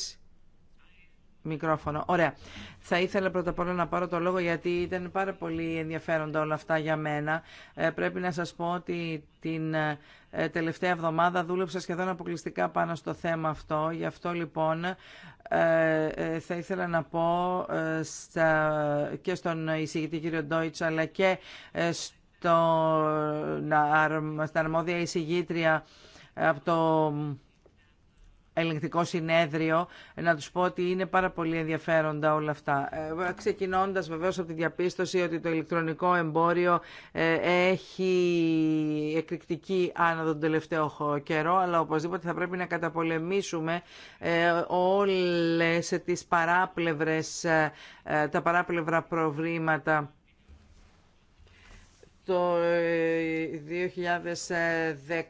μικρόφωνο. Ωραία. Θα ήθελα πρώτα απ' όλα να πάρω το λόγο γιατί ήταν πάρα πολύ ενδιαφέροντα όλα αυτά για μένα. Ε, πρέπει να σας πω ότι την ε, ε, τελευταία εβδομάδα δούλεψα σχεδόν αποκλειστικά πάνω στο θέμα αυτό. Γι' αυτό λοιπόν ε, ε, θα ήθελα να πω και στον εισηγητή κύριο Ντόιτς αλλά και στα αρμόδια εισηγήτρια από το ελεγκτικό συνέδριο να τους πω ότι είναι πάρα πολύ ενδιαφέροντα όλα αυτά. Ε, ξεκινώντας βεβαίως από τη διαπίστωση ότι το ηλεκτρονικό εμπόριο ε, έχει εκρηκτική άνα τον τελευταίο καιρό, αλλά οπωσδήποτε θα πρέπει να καταπολεμήσουμε ε, όλες τις παράπλευρες, τα παράπλευρα προβλήματα το 2019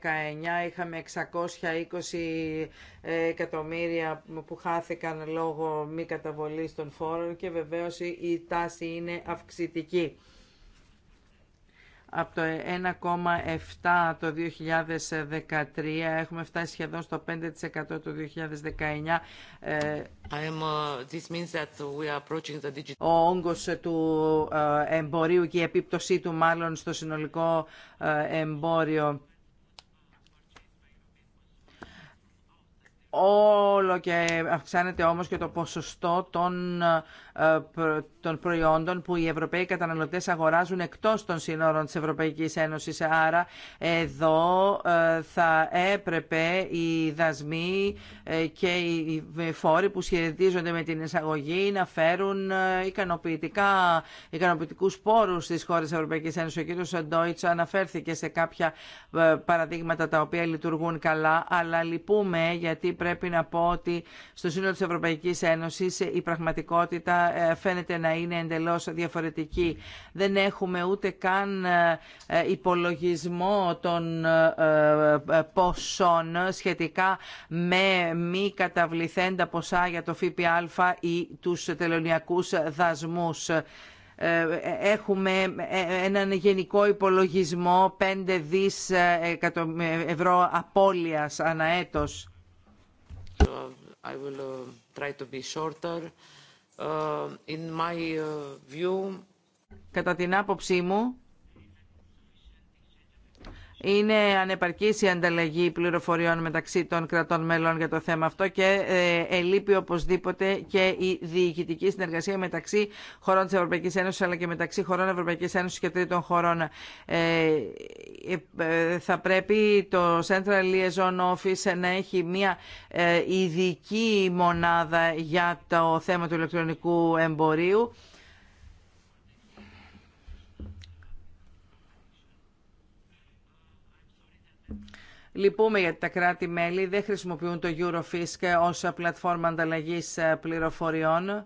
ε, είχαμε 620 εκατομμύρια που χάθηκαν λόγω μη καταβολής των φόρων και βεβαίως η τάση είναι αυξητική από το 1,7 το 2013 έχουμε φτάσει σχεδόν στο 5% το 2019 ε, uh, ο όγκος ε, του ε, εμπορίου και η επίπτωσή του μάλλον στο συνολικό εμπόριο όλο και αυξάνεται όμως και το ποσοστό των ε, των προϊόντων που οι Ευρωπαίοι καταναλωτές αγοράζουν εκτός των σύνορων της Ευρωπαϊκής Ένωσης. Άρα εδώ ε, θα έπρεπε οι δασμοί ε, και οι φόροι που σχετίζονται με την εισαγωγή να φέρουν ικανοποιητικά, ικανοποιητικούς πόρους στις χώρες της Ευρωπαϊκής Ένωσης. Ο κ. Ντόιτς αναφέρθηκε σε κάποια παραδείγματα τα οποία λειτουργούν καλά, αλλά λυπούμε γιατί πρέπει να πω ότι στο σύνολο της Ευρωπαϊκής Ένωσης η πραγματικότητα ε, φαίνεται να είναι εντελώς διαφορετική. Δεν έχουμε ούτε καν ε, ε, υπολογισμό των ποσών σχετικά με μη καταβληθέντα ποσά για το ΦΠΑ ή τους τελωνιακούς δασμούς έχουμε έναν γενικό υπολογισμό 5 δις ευρώ απώλειας ανά έτος. I will try shorter. Ε, ε, Κατά την άποψή μου, είναι ανεπαρκής η ανταλλαγή πληροφοριών μεταξύ των κρατών μέλων για το θέμα αυτό και ε, ελείπει οπωσδήποτε και η διοικητική συνεργασία μεταξύ χωρών τη Ευρωπαϊκή Ένωση αλλά και μεταξύ χωρών Ευρωπαϊκή Ένωση και τρίτων χωρών. Ε, ε, θα πρέπει το Central Liaison Office να έχει μια ειδική μονάδα για το θέμα του ηλεκτρονικού εμπορίου Λυπούμε γιατί τα κράτη-μέλη δεν χρησιμοποιούν το Eurofisk ως πλατφόρμα ανταλλαγής ε, πληροφοριών,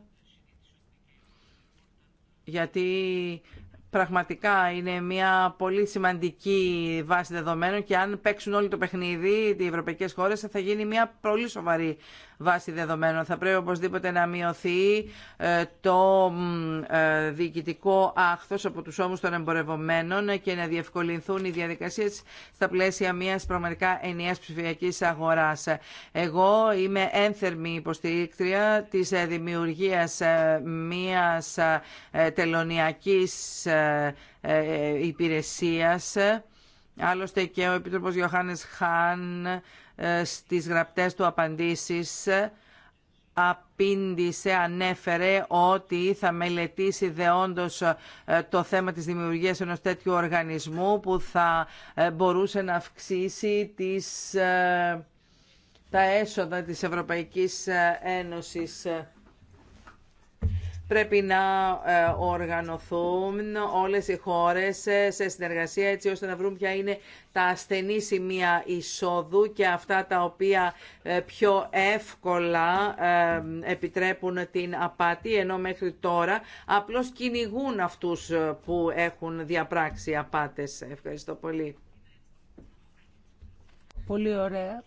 γιατί πραγματικά είναι μια πολύ σημαντική βάση δεδομένων και αν παίξουν όλοι το παιχνίδι οι ευρωπαϊκές χώρες θα γίνει μια πολύ σοβαρή βάση δεδομένων. Θα πρέπει οπωσδήποτε να μειωθεί ε, το ε, διοικητικό άχθος από τους ώμους των εμπορευομένων και να διευκολυνθούν οι διαδικασίες στα πλαίσια μιας πραγματικά ενιαίας ψηφιακής αγοράς. Εγώ είμαι ένθερμη υποστηρίκτρια της ε, δημιουργίας μιας τελωνιακής υπηρεσίας Άλλωστε και ο Επίτροπος Γιωχάνης Χάν ε, στις γραπτές του απαντήσεις ε, απήντησε, ανέφερε ότι θα μελετήσει δεόντως ε, το θέμα της δημιουργίας ενός τέτοιου οργανισμού που θα μπορούσε να αυξήσει τις, τα έσοδα της Ευρωπαϊκής Ένωσης. Πρέπει να ε, οργανωθούν όλες οι χώρες ε, σε συνεργασία έτσι ώστε να βρουν ποια είναι τα ασθενή σημεία εισόδου και αυτά τα οποία ε, πιο εύκολα επιτρέπουν την απάτη, ενώ μέχρι τώρα απλώς κυνηγούν αυτούς που έχουν διαπράξει απάτες. Ευχαριστώ πολύ. Πολύ ωραία.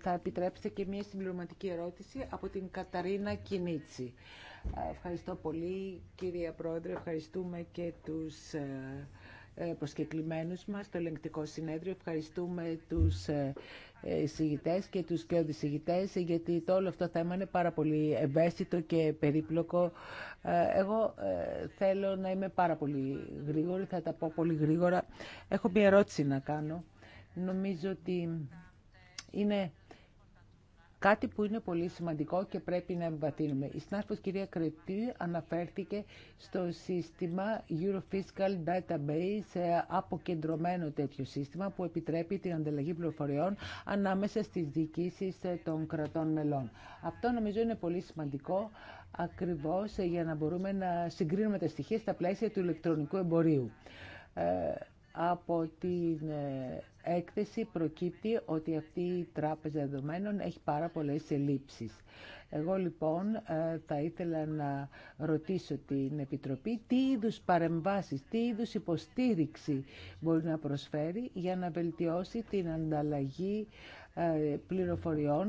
θα επιτρέψετε και μία συμπληρωματική ερώτηση από την Καταρίνα Κινίτσι. Ε, ευχαριστώ πολύ κυρία Πρόεδρε, ευχαριστούμε και τους ε, ε, προσκεκλημένους μας, το ελεγκτικό συνέδριο. Ευχαριστούμε τους συγητές και τους και οδησυγητές γιατί το όλο αυτό θέμα είναι πάρα πολύ ευαίσθητο και περίπλοκο. Εγώ θέλω να είμαι πάρα πολύ γρήγορη, θα τα πω πολύ γρήγορα. Έχω μια ερώτηση να κάνω. Νομίζω ότι είναι Κάτι που είναι πολύ σημαντικό και πρέπει να εμβαθύνουμε. Η συνάδελφος κυρία Κρεπτή αναφέρθηκε στο σύστημα Eurofiscal Database, ε, αποκεντρωμένο τέτοιο σύστημα που επιτρέπει την ανταλλαγή πληροφοριών ανάμεσα στις διοικήσεις ε, των κρατών μελών. Αυτό νομίζω είναι πολύ σημαντικό ακριβώς ε, για να μπορούμε να συγκρίνουμε τα στοιχεία στα πλαίσια του ηλεκτρονικού εμπορίου. Από την έκθεση προκύπτει ότι αυτή η τράπεζα δεδομένων έχει πάρα πολλές ελλείψεις. Εγώ λοιπόν ε, θα ήθελα να ρωτήσω την Επιτροπή τι είδους παρεμβάσεις, τι είδους υποστήριξη μπορεί να προσφέρει για να βελτιώσει την ανταλλαγή ε, πληροφοριών,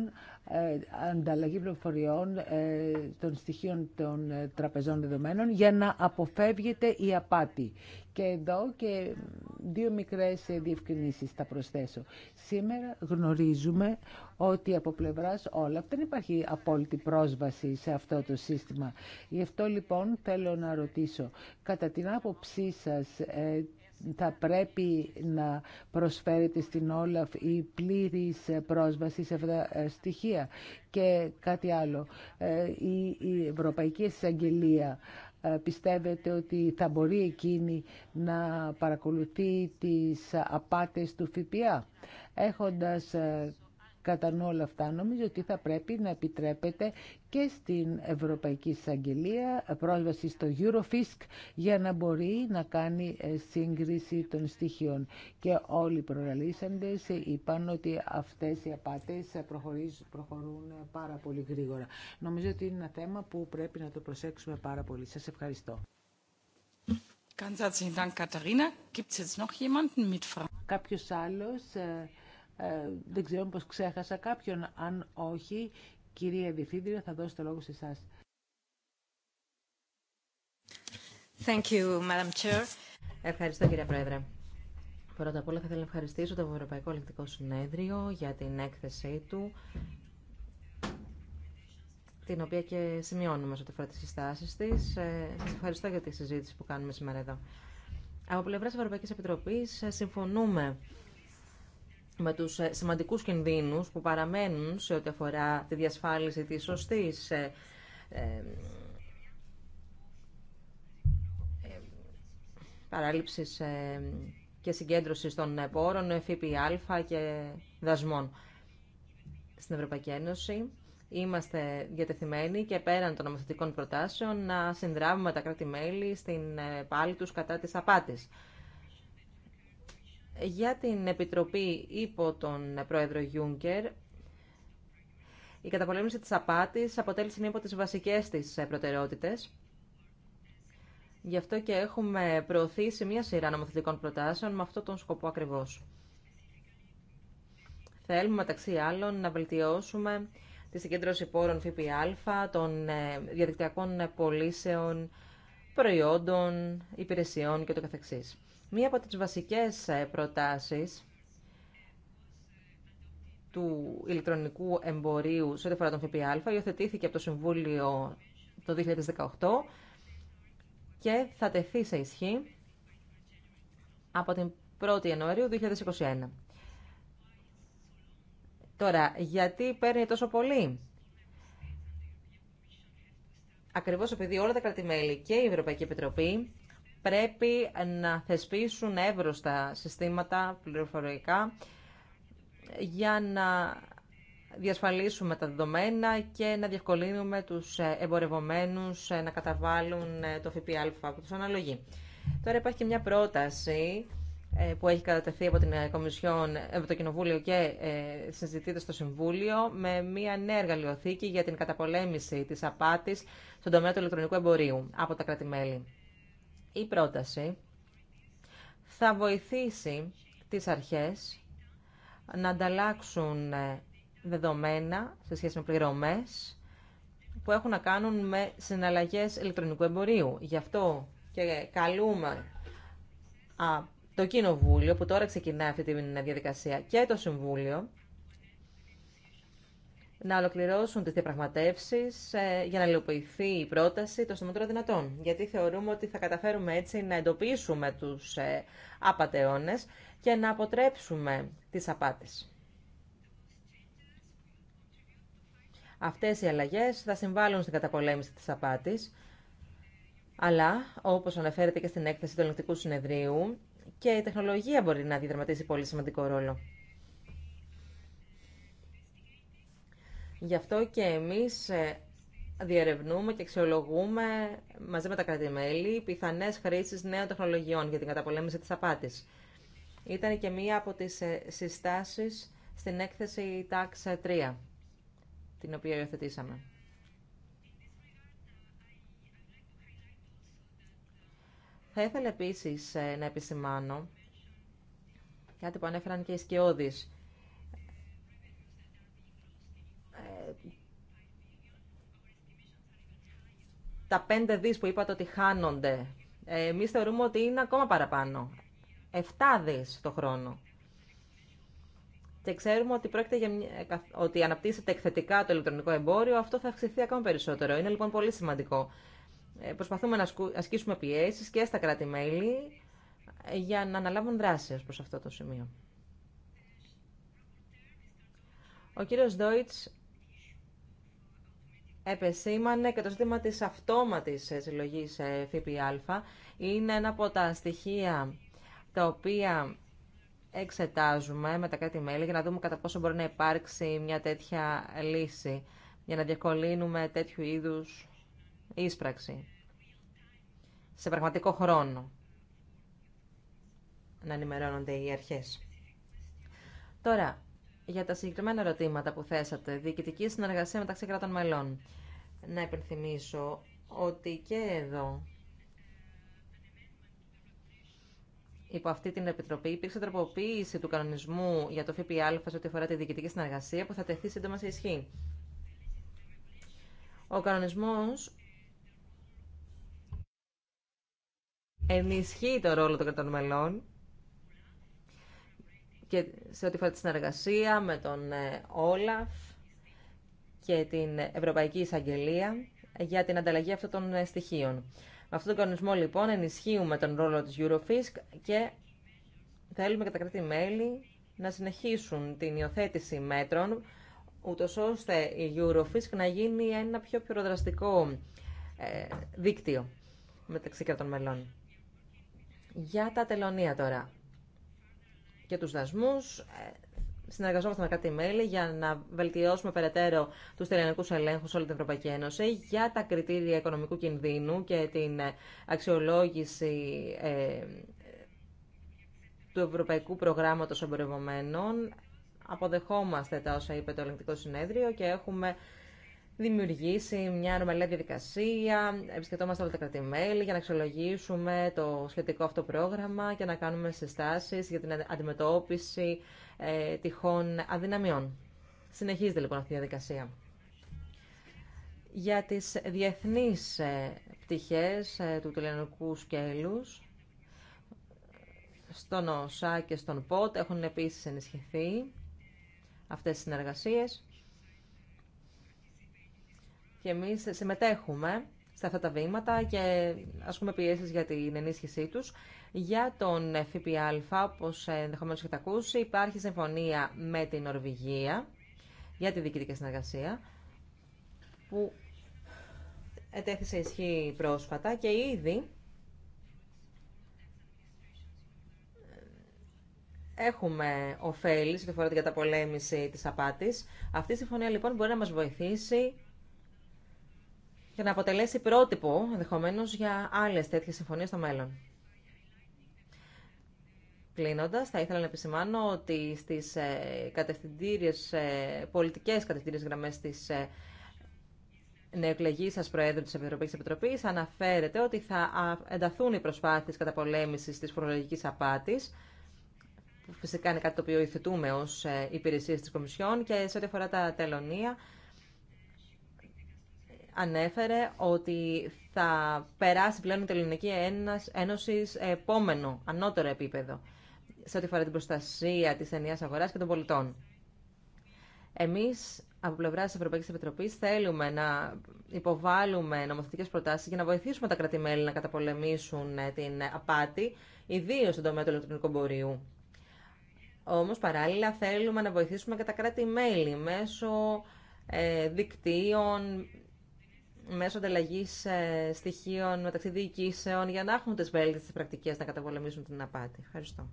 ε, ανταλλαγή πληροφοριών ε, των στοιχείων των τραπεζών δεδομένων για να αποφεύγεται η απάτη. Και εδώ και δύο μικρές διευκρινήσεις θα προσθέσω. Σήμερα γνωρίζουμε ότι από πλευράς όλα δεν υπάρχει απόλυτη πρόσβαση σε αυτό το σύστημα. Γι' αυτό λοιπόν θέλω να ρωτήσω, κατά την άποψή σας, θα πρέπει να προσφέρεται στην Όλαφ η πλήρης πρόσβαση σε αυτά τα στοιχεία. Και κάτι άλλο, ε, η Ευρωπαϊκή Εισαγγελία ε, πιστεύετε ότι θα μπορεί εκείνη να παρακολουθεί τις απάτες του ΦΠΑ. Έχοντας ε, Κατά όλα αυτά νομίζω ότι θα πρέπει να επιτρέπεται και στην Ευρωπαϊκή Εισαγγελία πρόσβαση στο Eurofisk για να μπορεί να κάνει ε, σύγκριση των στοιχείων. Και όλοι οι προλαλήσαντες είπαν ότι αυτές οι απάτες προχωρούν πάρα πολύ γρήγορα. Νομίζω ότι είναι ένα θέμα που πρέπει να το προσέξουμε πάρα πολύ. Σας ευχαριστώ. Ganz herzlichen ε, δεν ξέρω πως ξέχασα κάποιον. Αν όχι, κυρία Διευθύντρια, θα δώσω το λόγο σε εσάς. Ευχαριστώ, κυρία Πρόεδρε. Πρώτα απ' όλα θα ήθελα να ευχαριστήσω το Ευρωπαϊκό Ελεκτικό Συνέδριο για την έκθεσή του, την οποία και σημειώνουμε σε ό,τι αφορά τι συστάσει τη. Ε, Σα ευχαριστώ για τη συζήτηση που κάνουμε σήμερα εδώ. Από πλευρά Ευρωπαϊκή Επιτροπή ε, συμφωνούμε με τους ε, σημαντικούς κινδύνους που παραμένουν σε ό,τι αφορά τη διασφάλιση της σωστής ε, ε, παράληψης και συγκέντρωσης των πόρων, ΦΠΑ και δασμών στην Ευρωπαϊκή Ένωση. Είμαστε διατεθειμένοι και πέραν των νομοθετικών προτάσεων να συνδράμουμε τα κράτη-μέλη στην πάλη τους κατά της απάτης. Για την Επιτροπή υπό τον Πρόεδρο Γιούγκερ, η καταπολέμηση της απάτης αποτέλεσε μία από τις βασικές της προτεραιότητες. Γι' αυτό και έχουμε προωθήσει μία σειρά νομοθετικών προτάσεων με αυτό τον σκοπό ακριβώς. Θέλουμε μεταξύ άλλων να βελτιώσουμε τη συγκέντρωση πόρων ΦΠΑ, των ε, διαδικτυακών πωλήσεων, προϊόντων, υπηρεσιών και το καθεξής. Μία από τις βασικές ε, προτάσεις του ηλεκτρονικού εμπορίου σε ό,τι αφορά τον ΦΠΑ υιοθετήθηκε από το Συμβούλιο το 2018 και θα τεθεί σε ισχύ από την 1η Ιανουαρίου 2021. Τώρα, γιατί παίρνει τόσο πολύ. Ακριβώς επειδή όλα τα κρατημέλη και η Ευρωπαϊκή Επιτροπή πρέπει να θεσπίσουν εύρωστα συστήματα πληροφορικά για να διασφαλίσουμε τα δεδομένα και να διευκολύνουμε τους εμπορευομένους να καταβάλουν το ΦΠΑ που τους αναλογεί. Τώρα υπάρχει και μια πρόταση ε, που έχει κατατεθεί από την ε, Κομισιόν, ε, από το Κοινοβούλιο και συζητείται στο Συμβούλιο με μια νέα εργαλειοθήκη για την καταπολέμηση της απάτης στον τομέα του ηλεκτρονικού εμπορίου από τα κράτη-μέλη η πρόταση θα βοηθήσει τις αρχές να ανταλλάξουν δεδομένα σε σχέση με πληρωμές που έχουν να κάνουν με συναλλαγές ηλεκτρονικού εμπορίου. Γι' αυτό και καλούμε το Κοινοβούλιο που τώρα ξεκινά αυτή τη διαδικασία και το Συμβούλιο να ολοκληρώσουν τις διαπραγματεύσεις ε, για να υλοποιηθεί η πρόταση το συντομότερο δυνατών. Γιατί θεωρούμε ότι θα καταφέρουμε έτσι να εντοπίσουμε τους ε, απατεώνες και να αποτρέψουμε τις απάτες. Αυτές οι αλλαγές θα συμβάλλουν στην καταπολέμηση της απάτης, αλλά, όπως αναφέρεται και στην έκθεση του Ελληνικού Συνεδρίου, και η τεχνολογία μπορεί να διδραματίσει πολύ σημαντικό ρόλο. Γι' αυτό και εμείς ε, διερευνούμε και αξιολογούμε μαζί με τα κρατημέλη πιθανές χρήσεις νέων τεχνολογιών για την καταπολέμηση της απάτης. Ήταν και μία από τις ε, συστάσεις στην έκθεση TAX 3, την οποία υιοθετήσαμε. Θα ήθελα επίσης ε, να επισημάνω κάτι που ανέφεραν και οι σκιώδεις τα 5 δις που είπατε ότι χάνονται, εμείς θεωρούμε ότι είναι ακόμα παραπάνω. 7 δις το χρόνο. Και ξέρουμε ότι, πρόκειται για ε, ότι αναπτύσσεται εκθετικά το ηλεκτρονικό εμπόριο, αυτό θα αυξηθεί ακόμα περισσότερο. Είναι λοιπόν πολύ σημαντικό. Ε, προσπαθούμε να ασκήσουμε πιέσεις και στα κράτη-μέλη ε, για να αναλάβουν δράσεις προς αυτό το σημείο. Ο κύριος επεσήμανε και το ζήτημα της αυτόματης ε, συλλογής ε, ΦΠΑ. Είναι ένα από τα στοιχεία τα οποία εξετάζουμε με τα κάτι μέλη για να δούμε κατά πόσο μπορεί να υπάρξει μια τέτοια λύση για να διακολύνουμε τέτοιου είδους ίσπραξη σε πραγματικό χρόνο να ενημερώνονται οι αρχές. Τώρα, για τα συγκεκριμένα ερωτήματα που θέσατε. Διοικητική συνεργασία μεταξύ κρατών μελών. Να υπενθυμίσω ότι και εδώ υπό αυτή την επιτροπή υπήρξε τροποποίηση του κανονισμού για το ΦΠΑ σε ό,τι αφορά τη διοικητική συνεργασία που θα τεθεί σύντομα σε ισχύ. Ο κανονισμός ενισχύει το ρόλο των κρατών μελών και σε ό,τι φορά τη συνεργασία με τον ε, Όλαφ και την Ευρωπαϊκή Εισαγγελία για την ανταλλαγή αυτών των ε, στοιχείων. Με αυτόν τον κανονισμό λοιπόν ενισχύουμε τον ρόλο της Eurofisk και θέλουμε και τα κράτη-μέλη να συνεχίσουν την υιοθέτηση μέτρων ούτω ώστε η Eurofisk να γίνει ένα πιο πυροδραστικό ε, δίκτυο μεταξύ κρατών μελών. Για τα τελωνία τώρα και τους δασμούς. Ε, συνεργαζόμαστε με κάτι μέλη για να βελτιώσουμε περαιτέρω τους τελειανικούς ελέγχους σε όλη την Ευρωπαϊκή Ένωση για τα κριτήρια οικονομικού κινδύνου και την αξιολόγηση ε, του Ευρωπαϊκού Προγράμματος Εμπορευομένων. Αποδεχόμαστε τα όσα είπε το Ελεγκτικό Συνέδριο και έχουμε δημιουργήσει μια νομαλή διαδικασία. Επισκεπτόμαστε όλα τα κρατημέλη για να αξιολογήσουμε το σχετικό αυτό πρόγραμμα και να κάνουμε συστάσεις για την αντιμετώπιση ε, τυχών αδυναμιών. Συνεχίζεται λοιπόν αυτή η διαδικασία. Για τις διεθνείς ε, πτυχές ε, του τηλεανικού σκέλους, στον ΟΣΑ και στον ΠΟΤ έχουν επίσης ενισχυθεί αυτές οι συνεργασίες και εμείς συμμετέχουμε σε αυτά τα βήματα και ασκούμε πιέσεις για την ενίσχυσή τους. Για τον ΦΠΑ, όπως ενδεχομένως έχετε ακούσει, υπάρχει συμφωνία με την Νορβηγία για τη διοικητική συνεργασία που ετέθησε ισχύ πρόσφατα και ήδη έχουμε ωφέλη σε αφορά την καταπολέμηση της απάτης. Αυτή η συμφωνία λοιπόν μπορεί να μας βοηθήσει για να αποτελέσει πρότυπο ενδεχομένω για άλλες τέτοιες συμφωνίες στο μέλλον. Κλείνοντα, θα ήθελα να επισημάνω ότι στις ε, κατευθυντήριες, ε, πολιτικές κατευθυντήριες γραμμές της ε, νεοεκλεγή σα Προέδρου τη Ευρωπαϊκή Επιτροπή αναφέρεται ότι θα ενταθούν οι προσπάθειε καταπολέμηση τη φορολογική απάτη. Φυσικά είναι κάτι το οποίο υφετούμε ω υπηρεσίε τη Κομισιόν και σε ό,τι αφορά τα τελωνία, ανέφερε ότι θα περάσει πλέον η Ελληνική Ένωση σε επόμενο, ανώτερο επίπεδο σε ό,τι αφορά την προστασία της ενιαίας αγοράς και των πολιτών. Εμείς από πλευρά τη Ευρωπαϊκή Επιτροπή θέλουμε να υποβάλουμε νομοθετικέ προτάσει για να βοηθήσουμε τα κράτη-μέλη να καταπολεμήσουν ε, την απάτη, ιδίω στον τομέα του ηλεκτρονικού εμπορίου. Όμω, παράλληλα, θέλουμε να βοηθήσουμε και τα κράτη-μέλη μέσω ε, δικτύων, μέσω ανταλλαγή ε, στοιχείων μεταξύ διοικήσεων για να έχουν τι βέλτιστε πρακτικέ να καταπολεμήσουν την απάτη. Ευχαριστώ.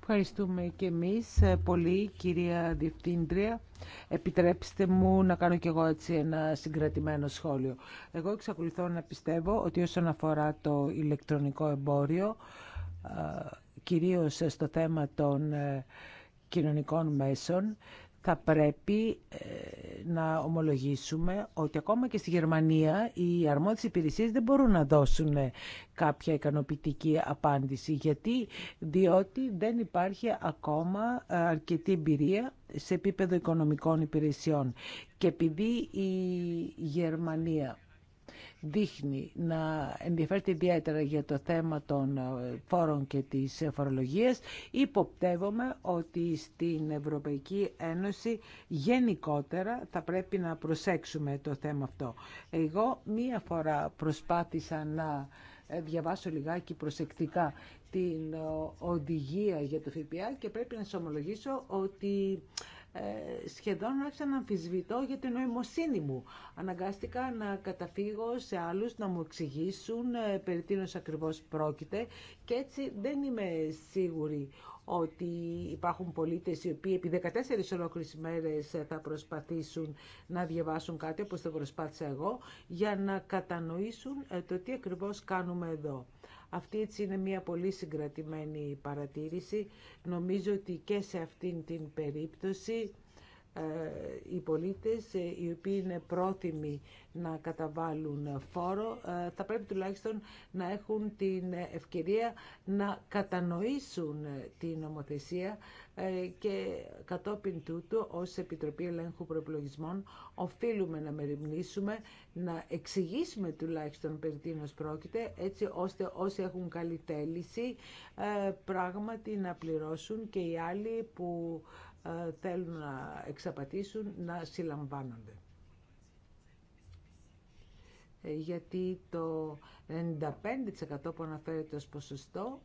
Ευχαριστούμε και εμείς ε, πολύ κυρία Διευθύντρια. Επιτρέψτε μου να κάνω κι εγώ έτσι ένα συγκρατημένο σχόλιο. Εγώ εξακολουθώ να πιστεύω ότι όσον αφορά το ηλεκτρονικό εμπόριο, ε, κυρίως στο θέμα των κοινωνικών μέσων, θα πρέπει ε, να ομολογήσουμε ότι ακόμα και στη Γερμανία οι αρμόδιες υπηρεσίες δεν μπορούν να δώσουν κάποια ικανοποιητική απάντηση. Γιατί, διότι δεν υπάρχει ακόμα ε, αρκετή εμπειρία σε επίπεδο οικονομικών υπηρεσιών. Και επειδή η Γερμανία δείχνει να ενδιαφέρεται ιδιαίτερα για το θέμα των ε, φόρων και της ε, φορολογίας, υποπτεύομαι ότι στην Ευρωπαϊκή Ένωση γενικότερα θα πρέπει να προσέξουμε το θέμα αυτό. Εγώ μία φορά προσπάθησα να ε, διαβάσω λιγάκι προσεκτικά την οδηγία για το ΦΠΑ και πρέπει να σας ομολογήσω ότι ε, σχεδόν άρχισα να αμφισβητώ για την νοημοσύνη μου. Αναγκάστηκα να καταφύγω σε άλλους να μου εξηγήσουν ε, περί τίνος ακριβώς πρόκειται και έτσι δεν είμαι σίγουρη ότι υπάρχουν πολίτες οι οποίοι επί 14 ολόκληρες μέρες θα προσπαθήσουν να διαβάσουν κάτι όπως το προσπάθησα εγώ για να κατανοήσουν ε, το τι ακριβώς κάνουμε εδώ. Αυτή έτσι είναι μια πολύ συγκρατημένη παρατήρηση. Νομίζω ότι και σε αυτήν την περίπτωση ε, οι πολίτες ε, οι οποίοι είναι πρόθυμοι να καταβάλουν φόρο ε, θα πρέπει τουλάχιστον να έχουν την ευκαιρία να κατανοήσουν την νομοθεσία ε, και κατόπιν τούτου ως Επιτροπή Ελέγχου Προεπλογισμών οφείλουμε να μεριμνήσουμε, να εξηγήσουμε τουλάχιστον περί τίνος πρόκειται έτσι ώστε όσοι έχουν καλή τέληση ε, πράγματι να πληρώσουν και οι άλλοι που ε, θέλουν να εξαπατήσουν να συλλαμβάνονται γιατί το 95% που αναφέρεται ως ποσοστό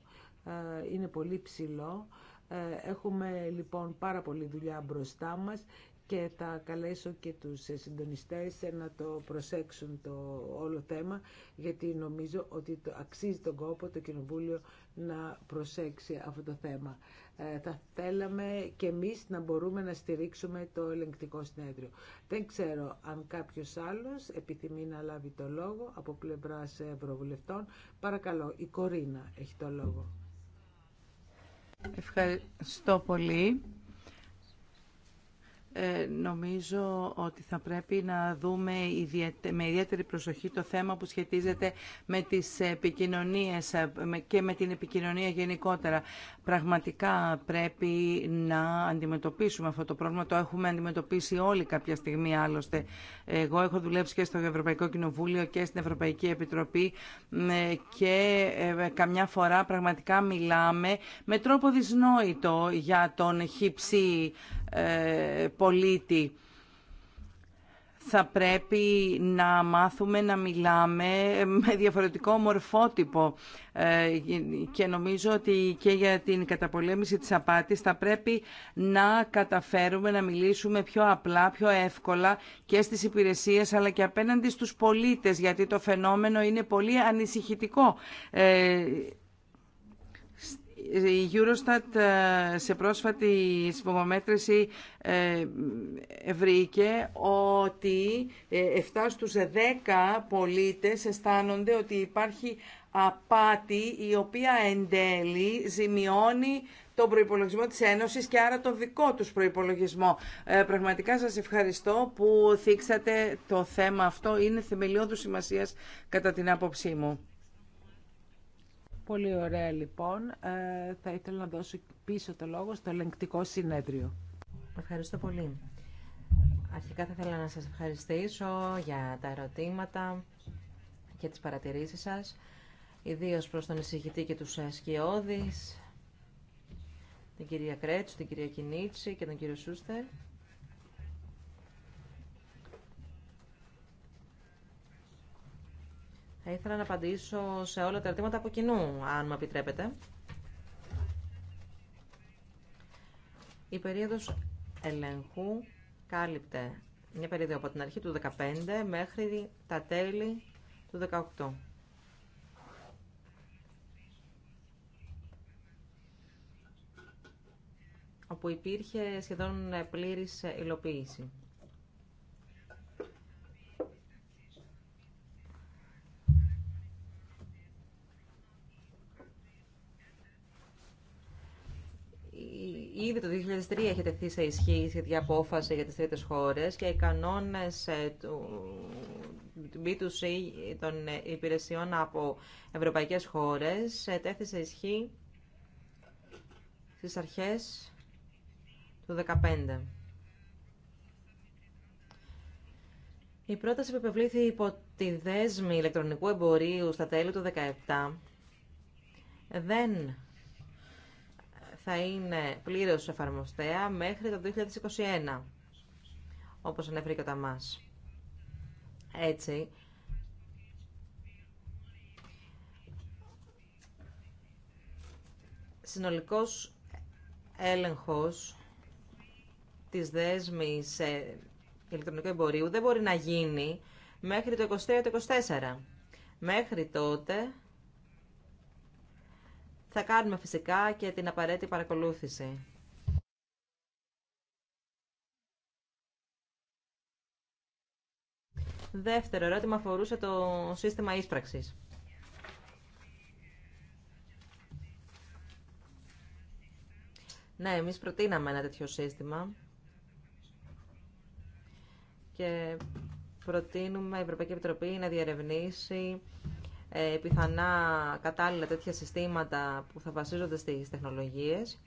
είναι πολύ ψηλό ε, έχουμε λοιπόν πάρα πολλή δουλειά μπροστά μας και θα καλέσω και τους συντονιστές να το προσέξουν το όλο θέμα γιατί νομίζω ότι το αξίζει τον κόπο το Κοινοβούλιο να προσέξει αυτό το θέμα. Ε, θα θέλαμε και εμείς να μπορούμε να στηρίξουμε το ελεγκτικό συνέδριο. Δεν ξέρω αν κάποιος άλλος επιθυμεί να λάβει το λόγο από πλευράς ευρωβουλευτών. Παρακαλώ, η Κορίνα έχει το λόγο. Ευχαριστώ πολύ. Ε, νομίζω ότι θα πρέπει να δούμε με ιδιαίτερη προσοχή το θέμα που σχετίζεται με τις επικοινωνίες ε, και με την επικοινωνία γενικότερα. Πραγματικά πρέπει να αντιμετωπίσουμε αυτό το πρόβλημα. Το έχουμε αντιμετωπίσει όλοι κάποια στιγμή άλλωστε. Εγώ έχω δουλέψει και στο Ευρωπαϊκό Κοινοβούλιο και στην Ευρωπαϊκή Επιτροπή ε, και καμιά φορά πραγματικά μιλάμε με τρόπο δυσνόητο για τον χυψή ε, πολίτη. Θα πρέπει να μάθουμε να μιλάμε με διαφορετικό μορφότυπο ε, και νομίζω ότι και για την καταπολέμηση της απάτης θα πρέπει να καταφέρουμε να μιλήσουμε πιο απλά, πιο εύκολα και στις υπηρεσίες αλλά και απέναντι στους πολίτες γιατί το φαινόμενο είναι πολύ ανησυχητικό. Ε, η Eurostat ε, σε πρόσφατη υπομομέτρηση ε, βρήκε ότι 7 ε, στους 10 πολίτες αισθάνονται ότι υπάρχει απάτη η οποία εν τέλει ζημιώνει τον προϋπολογισμό της Ένωσης και άρα τον δικό τους προϋπολογισμό. πραγματικά σας ευχαριστώ που θίξατε το θέμα αυτό. Είναι θεμελιώδου σημασίας κατά την άποψή μου. Πολύ ωραία λοιπόν. Ε, θα ήθελα να δώσω πίσω το λόγο στο ελεγκτικό συνέδριο. Ευχαριστώ πολύ. Αρχικά θα ήθελα να σας ευχαριστήσω για τα ερωτήματα και τις παρατηρήσεις σας, ιδίως προς τον εισηγητή και τους σκιώδης, την κυρία Κρέτσου, την κυρία Κινίτσι και τον κύριο Σούστερ. Θα ήθελα να απαντήσω σε όλα τα ερωτήματα από κοινού, αν μου επιτρέπετε. Η περίοδος ελέγχου κάλυπτε μια περίοδο από την αρχή του 2015 μέχρι τα τέλη του 2018. όπου υπήρχε σχεδόν πλήρης υλοποίηση. Ήδη το 2003 έχει τεθεί σε ισχύ η σχετική απόφαση για τις τρίτες χώρες και οι κανόνες ε, του B2C των υπηρεσιών από ευρωπαϊκές χώρες ε, τέθησε σε ισχύ στις αρχές του 2015. Η πρόταση που επιβλήθη υπό τη δέσμη ηλεκτρονικού εμπορίου στα τέλη του 2017 δεν θα είναι πλήρως εφαρμοστέα μέχρι το 2021, όπως ανέφερε και ο Ταμάς. Έτσι, συνολικός έλεγχος της δέσμης σε ηλεκτρονικού εμπορίου δεν μπορεί να γίνει μέχρι το 2023-2024. Μέχρι τότε θα κάνουμε φυσικά και την απαραίτητη παρακολούθηση. Δεύτερο ερώτημα αφορούσε το σύστημα ίσπραξης. Ναι, εμείς προτείναμε ένα τέτοιο σύστημα και προτείνουμε η Ευρωπαϊκή Επιτροπή να διερευνήσει ε, πιθανά κατάλληλα τέτοια συστήματα που θα βασίζονται στις τεχνολογίες.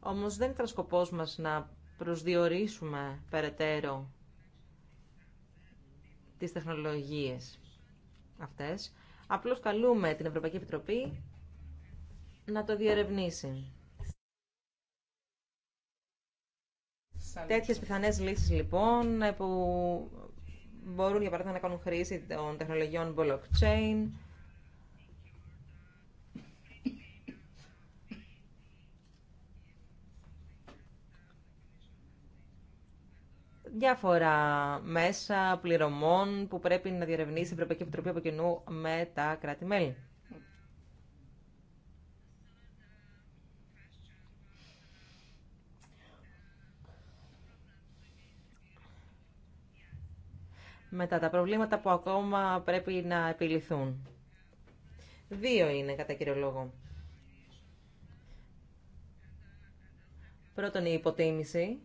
Όμως δεν ήταν σκοπός μας να προσδιορίσουμε περαιτέρω τις τεχνολογίες αυτές. Απλώς καλούμε την Ευρωπαϊκή Επιτροπή να το διερευνήσει. Τέτοιες πιθανές λύσεις λοιπόν ε, που μπορούν για παράδειγμα να κάνουν χρήση των τεχνολογιών blockchain. διάφορα μέσα πληρωμών που πρέπει να διερευνήσει η Ευρωπαϊκή Επιτροπή από κοινού με τα κράτη-μέλη. μετά τα προβλήματα που ακόμα πρέπει να επιληθούν. Δύο είναι κατά κύριο λόγο. Πρώτον η υποτίμηση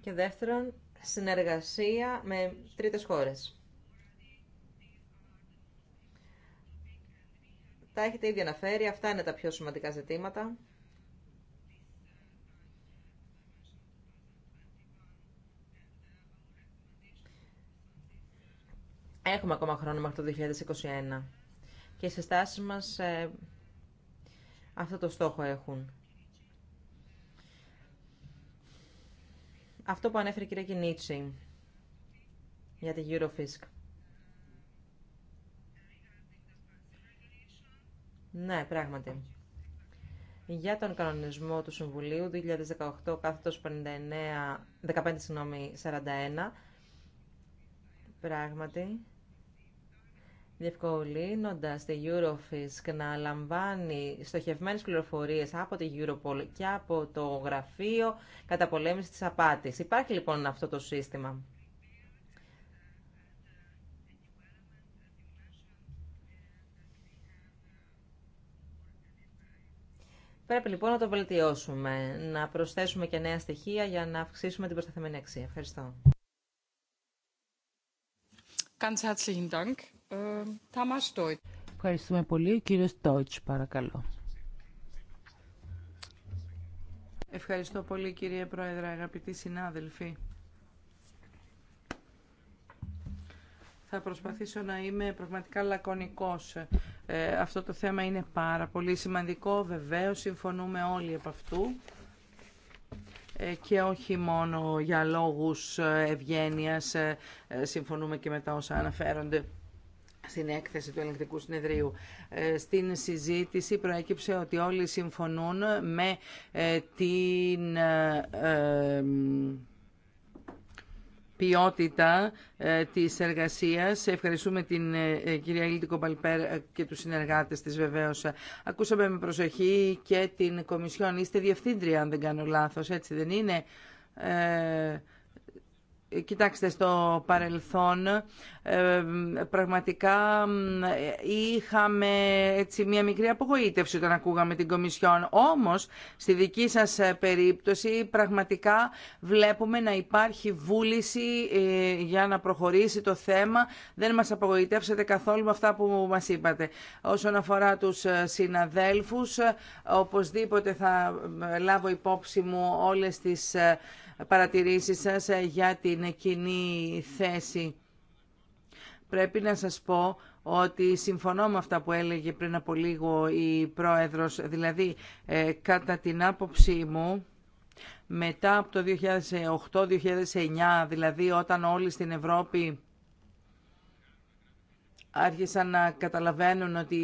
και δεύτερον συνεργασία με τρίτες χώρες. Τα έχετε ήδη αναφέρει, αυτά είναι τα πιο σημαντικά ζητήματα. Έχουμε ακόμα χρόνο μέχρι το 2021. Και οι συστάσεις μας ε, αυτό το στόχο έχουν. Αυτό που ανέφερε η κυρία Κινίτσι για τη Eurofisk. Ναι, πράγματι. Για τον κανονισμό του Συμβουλίου 2018 κάθετος 59, 15 41, πράγματι διευκολύνοντας τη Eurofisk να λαμβάνει στοχευμένες πληροφορίες από τη Europol και από το Γραφείο καταπολέμηση της Απάτης. Υπάρχει λοιπόν αυτό το σύστημα. Πρέπει λοιπόν να το βελτιώσουμε, να προσθέσουμε και νέα στοιχεία για να αυξήσουμε την προσταθεμένη αξία. Ευχαριστώ. Ganz herzlichen Dank. Ε, Ευχαριστούμε πολύ. κύριε κύριος παρακαλώ. Ευχαριστώ πολύ κύριε Πρόεδρε, αγαπητοί συνάδελφοι. Θα προσπαθήσω να είμαι πραγματικά λακωνικός. Ε, αυτό το θέμα είναι πάρα πολύ σημαντικό, βεβαίως συμφωνούμε όλοι από αυτού ε, και όχι μόνο για λόγους ε, ευγένειας, συμφωνούμε και με τα όσα αναφέρονται στην έκθεση του Ελεγκτικού Συνεδρίου. Ε, στην συζήτηση προέκυψε ότι όλοι συμφωνούν με ε, την ε, ποιότητα της εργασίας. Ευχαριστούμε την κυρία Ήλτη Κομπαλπέρ και τους συνεργάτες της βεβαίως. Ακούσαμε με προσοχή και την Κομισιόν. Είστε διευθύντρια αν δεν κάνω λάθος, έτσι δεν είναι. Ε, Κοιτάξτε, στο παρελθόν ε, πραγματικά ε, είχαμε έτσι μια μικρή απογοήτευση όταν ακούγαμε την Κομισιόν. Όμως, στη δική σας ε, περίπτωση πραγματικά βλέπουμε να υπάρχει βούληση για να προχωρήσει το θέμα. Δεν μας απογοητεύσετε καθόλου με αυτά που μας είπατε. Όσον αφορά τους συναδέλφους, οπωσδήποτε θα λάβω υπόψη μου όλες τις παρατηρήσεις σας ε, για την κοινή θέση. Πρέπει να σας πω ότι συμφωνώ με αυτά που έλεγε πριν από λίγο η Πρόεδρος, δηλαδή ε, κατά την άποψή μου μετά από το 2008-2009, δηλαδή όταν όλοι στην Ευρώπη άρχισαν να καταλαβαίνουν ότι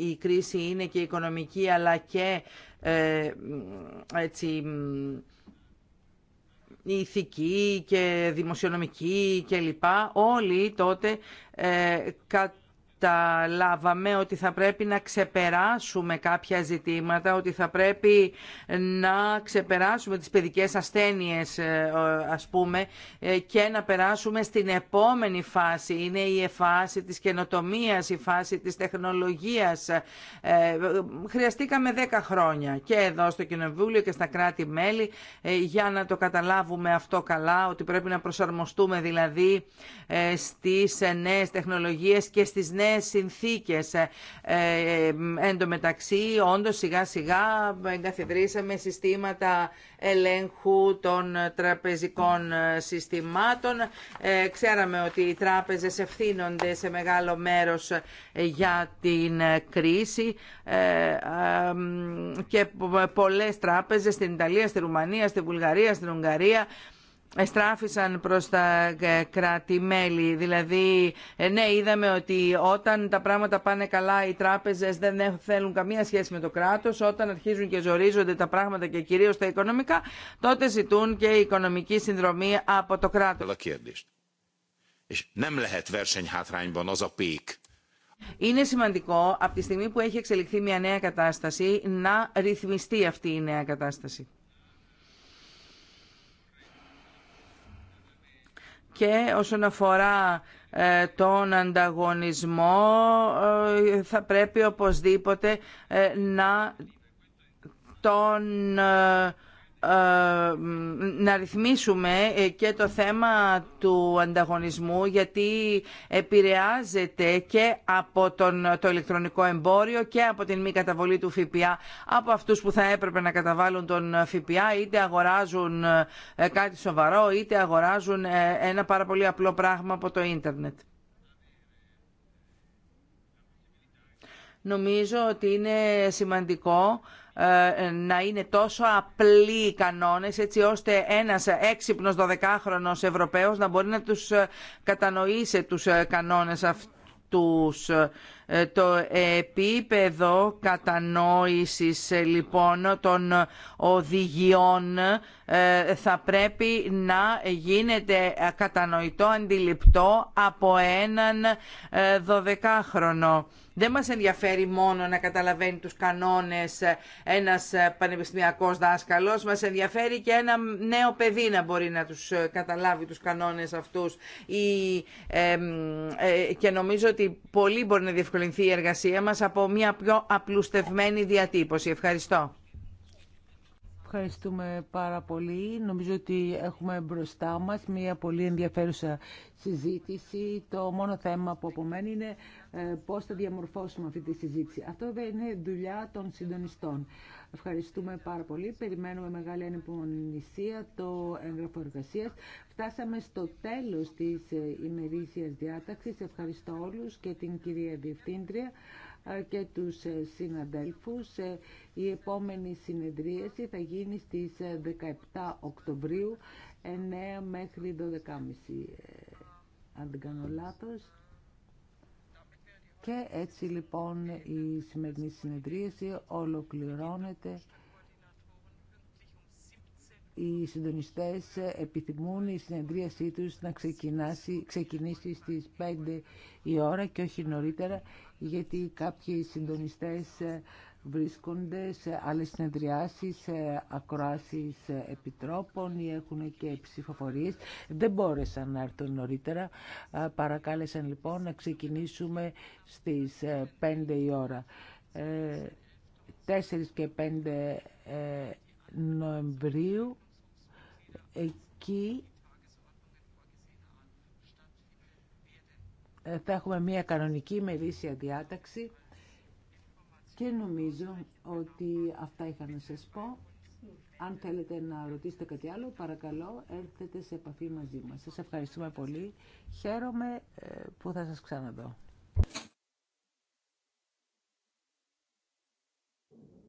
η κρίση είναι και οικονομική αλλά και ε, έτσι ηθική και δημοσιονομική κλπ. Όλοι τότε ε, τα λάβαμε, ότι θα πρέπει να ξεπεράσουμε κάποια ζητήματα, ότι θα πρέπει να ξεπεράσουμε τις παιδικές ασθένειες ε, ας πούμε ε, και να περάσουμε στην επόμενη φάση. Είναι η φάση της καινοτομίας, η φάση της τεχνολογίας. Ε, χρειαστήκαμε 10 χρόνια και εδώ στο Κοινοβούλιο και στα κράτη-μέλη για να το καταλάβουμε αυτό καλά, ότι πρέπει να προσαρμοστούμε δηλαδή στις νέες τεχνολογίες και στις νέες νέες συνθήκες. Ε, ε, εν όντως, σιγά σιγά εγκαθιδρύσαμε συστήματα ελέγχου των τραπεζικών ε, συστημάτων. Ξέραμε ότι οι τράπεζες ευθύνονται σε μεγάλο μέρος για την κρίση και πολλές τράπεζες στην Ιταλία, στην Ρουμανία, στη Βουλγαρία, στην Ουγγαρία εστράφησαν προς τα ε, κράτη-μέλη. Δηλαδή, ε, ναι, είδαμε ότι όταν τα πράγματα πάνε καλά οι τράπεζες δεν θέλουν καμία σχέση με το κράτος, όταν αρχίζουν και ζορίζονται τα πράγματα και κυρίως τα οικονομικά, τότε ζητούν και η οικονομική συνδρομή από το κράτος. Είναι σημαντικό, από τη στιγμή που έχει εξελιχθεί μια νέα κατάσταση, να ρυθμιστεί αυτή η νέα κατάσταση. και όσον αφορά ε, τον ανταγωνισμό ε, θα πρέπει οπωσδήποτε ε, να τον ε, να ρυθμίσουμε ε, και το θέμα του ανταγωνισμού γιατί επηρεάζεται και από τον, το ηλεκτρονικό εμπόριο και από την μη καταβολή του ΦΠΑ από αυτούς που θα έπρεπε να καταβάλουν τον ΦΠΑ είτε αγοράζουν ε, κάτι σοβαρό είτε αγοράζουν ένα πάρα πολύ απλό πράγμα από το ίντερνετ. Νομίζω ότι είναι σημαντικό ε, να είναι τόσο απλοί οι κανόνες έτσι ώστε ένας έξυπνος 12χρονος Ευρωπαίος να μπορεί να τους ε, κατανοήσει τους ε, κανόνες αυτούς. Ε, το επίπεδο κατανόησης ε, λοιπόν των οδηγιών ε, θα πρέπει να γίνεται κατανοητό, αντιληπτό από έναν 12χρονο. Δεν μας ενδιαφέρει μόνο να καταλαβαίνει τους κανόνες ένας πανεπιστημιακός δάσκαλος, μας ενδιαφέρει και ένα νέο παιδί να μπορεί να τους καταλάβει τους κανόνες αυτούς. και νομίζω ότι πολλοί μπορεί να η εργασία μας από μια πιο απλουστευμένη διατύπωση. Ευχαριστώ. Ευχαριστούμε πάρα πολύ. Νομίζω ότι έχουμε μπροστά μας μια πολύ ενδιαφέρουσα συζήτηση. Το μόνο θέμα που απομένει είναι ε, πώς θα διαμορφώσουμε αυτή τη συζήτηση. Αυτό βέβαια είναι δουλειά των συντονιστών. Ευχαριστούμε πάρα πολύ. Περιμένουμε μεγάλη ανυπομονησία το έγγραφο εργασία. Φτάσαμε στο τέλος της ε, ημερήσιας διάταξης. Ευχαριστώ όλους και την κυρία Διευθύντρια ε, και τους ε, συναδέλφους. Η επόμενη συνεδρίαση θα γίνει στις 17 Οκτωβρίου 9 μέχρι 12.30 αν δεν κάνω λάθος. Και έτσι λοιπόν η σημερινή συνεδρίαση ολοκληρώνεται οι συντονιστές επιθυμούν η συνεδρίασή τους να ξεκινήσει, ξεκινήσει στις 5 η ώρα και όχι νωρίτερα γιατί κάποιοι συντονιστές βρίσκονται σε άλλες συνεδριάσεις, σε ακροάσεις επιτρόπων ή έχουν και ψηφοφορίες. Δεν μπόρεσαν να έρθουν νωρίτερα. Παρακάλεσαν λοιπόν να ξεκινήσουμε στις 5 ε, η ώρα. 4 ε, και 5 ε, Νοεμβρίου Εκεί ε, θα έχουμε μια κανονική μερίσια διάταξη και νομίζω ότι αυτά είχα να σας πω. Αν θέλετε να ρωτήσετε κάτι άλλο, παρακαλώ έρθετε σε επαφή μαζί μας. Σας ευχαριστούμε πολύ. Χαίρομαι ε, που θα σας ξαναδώ.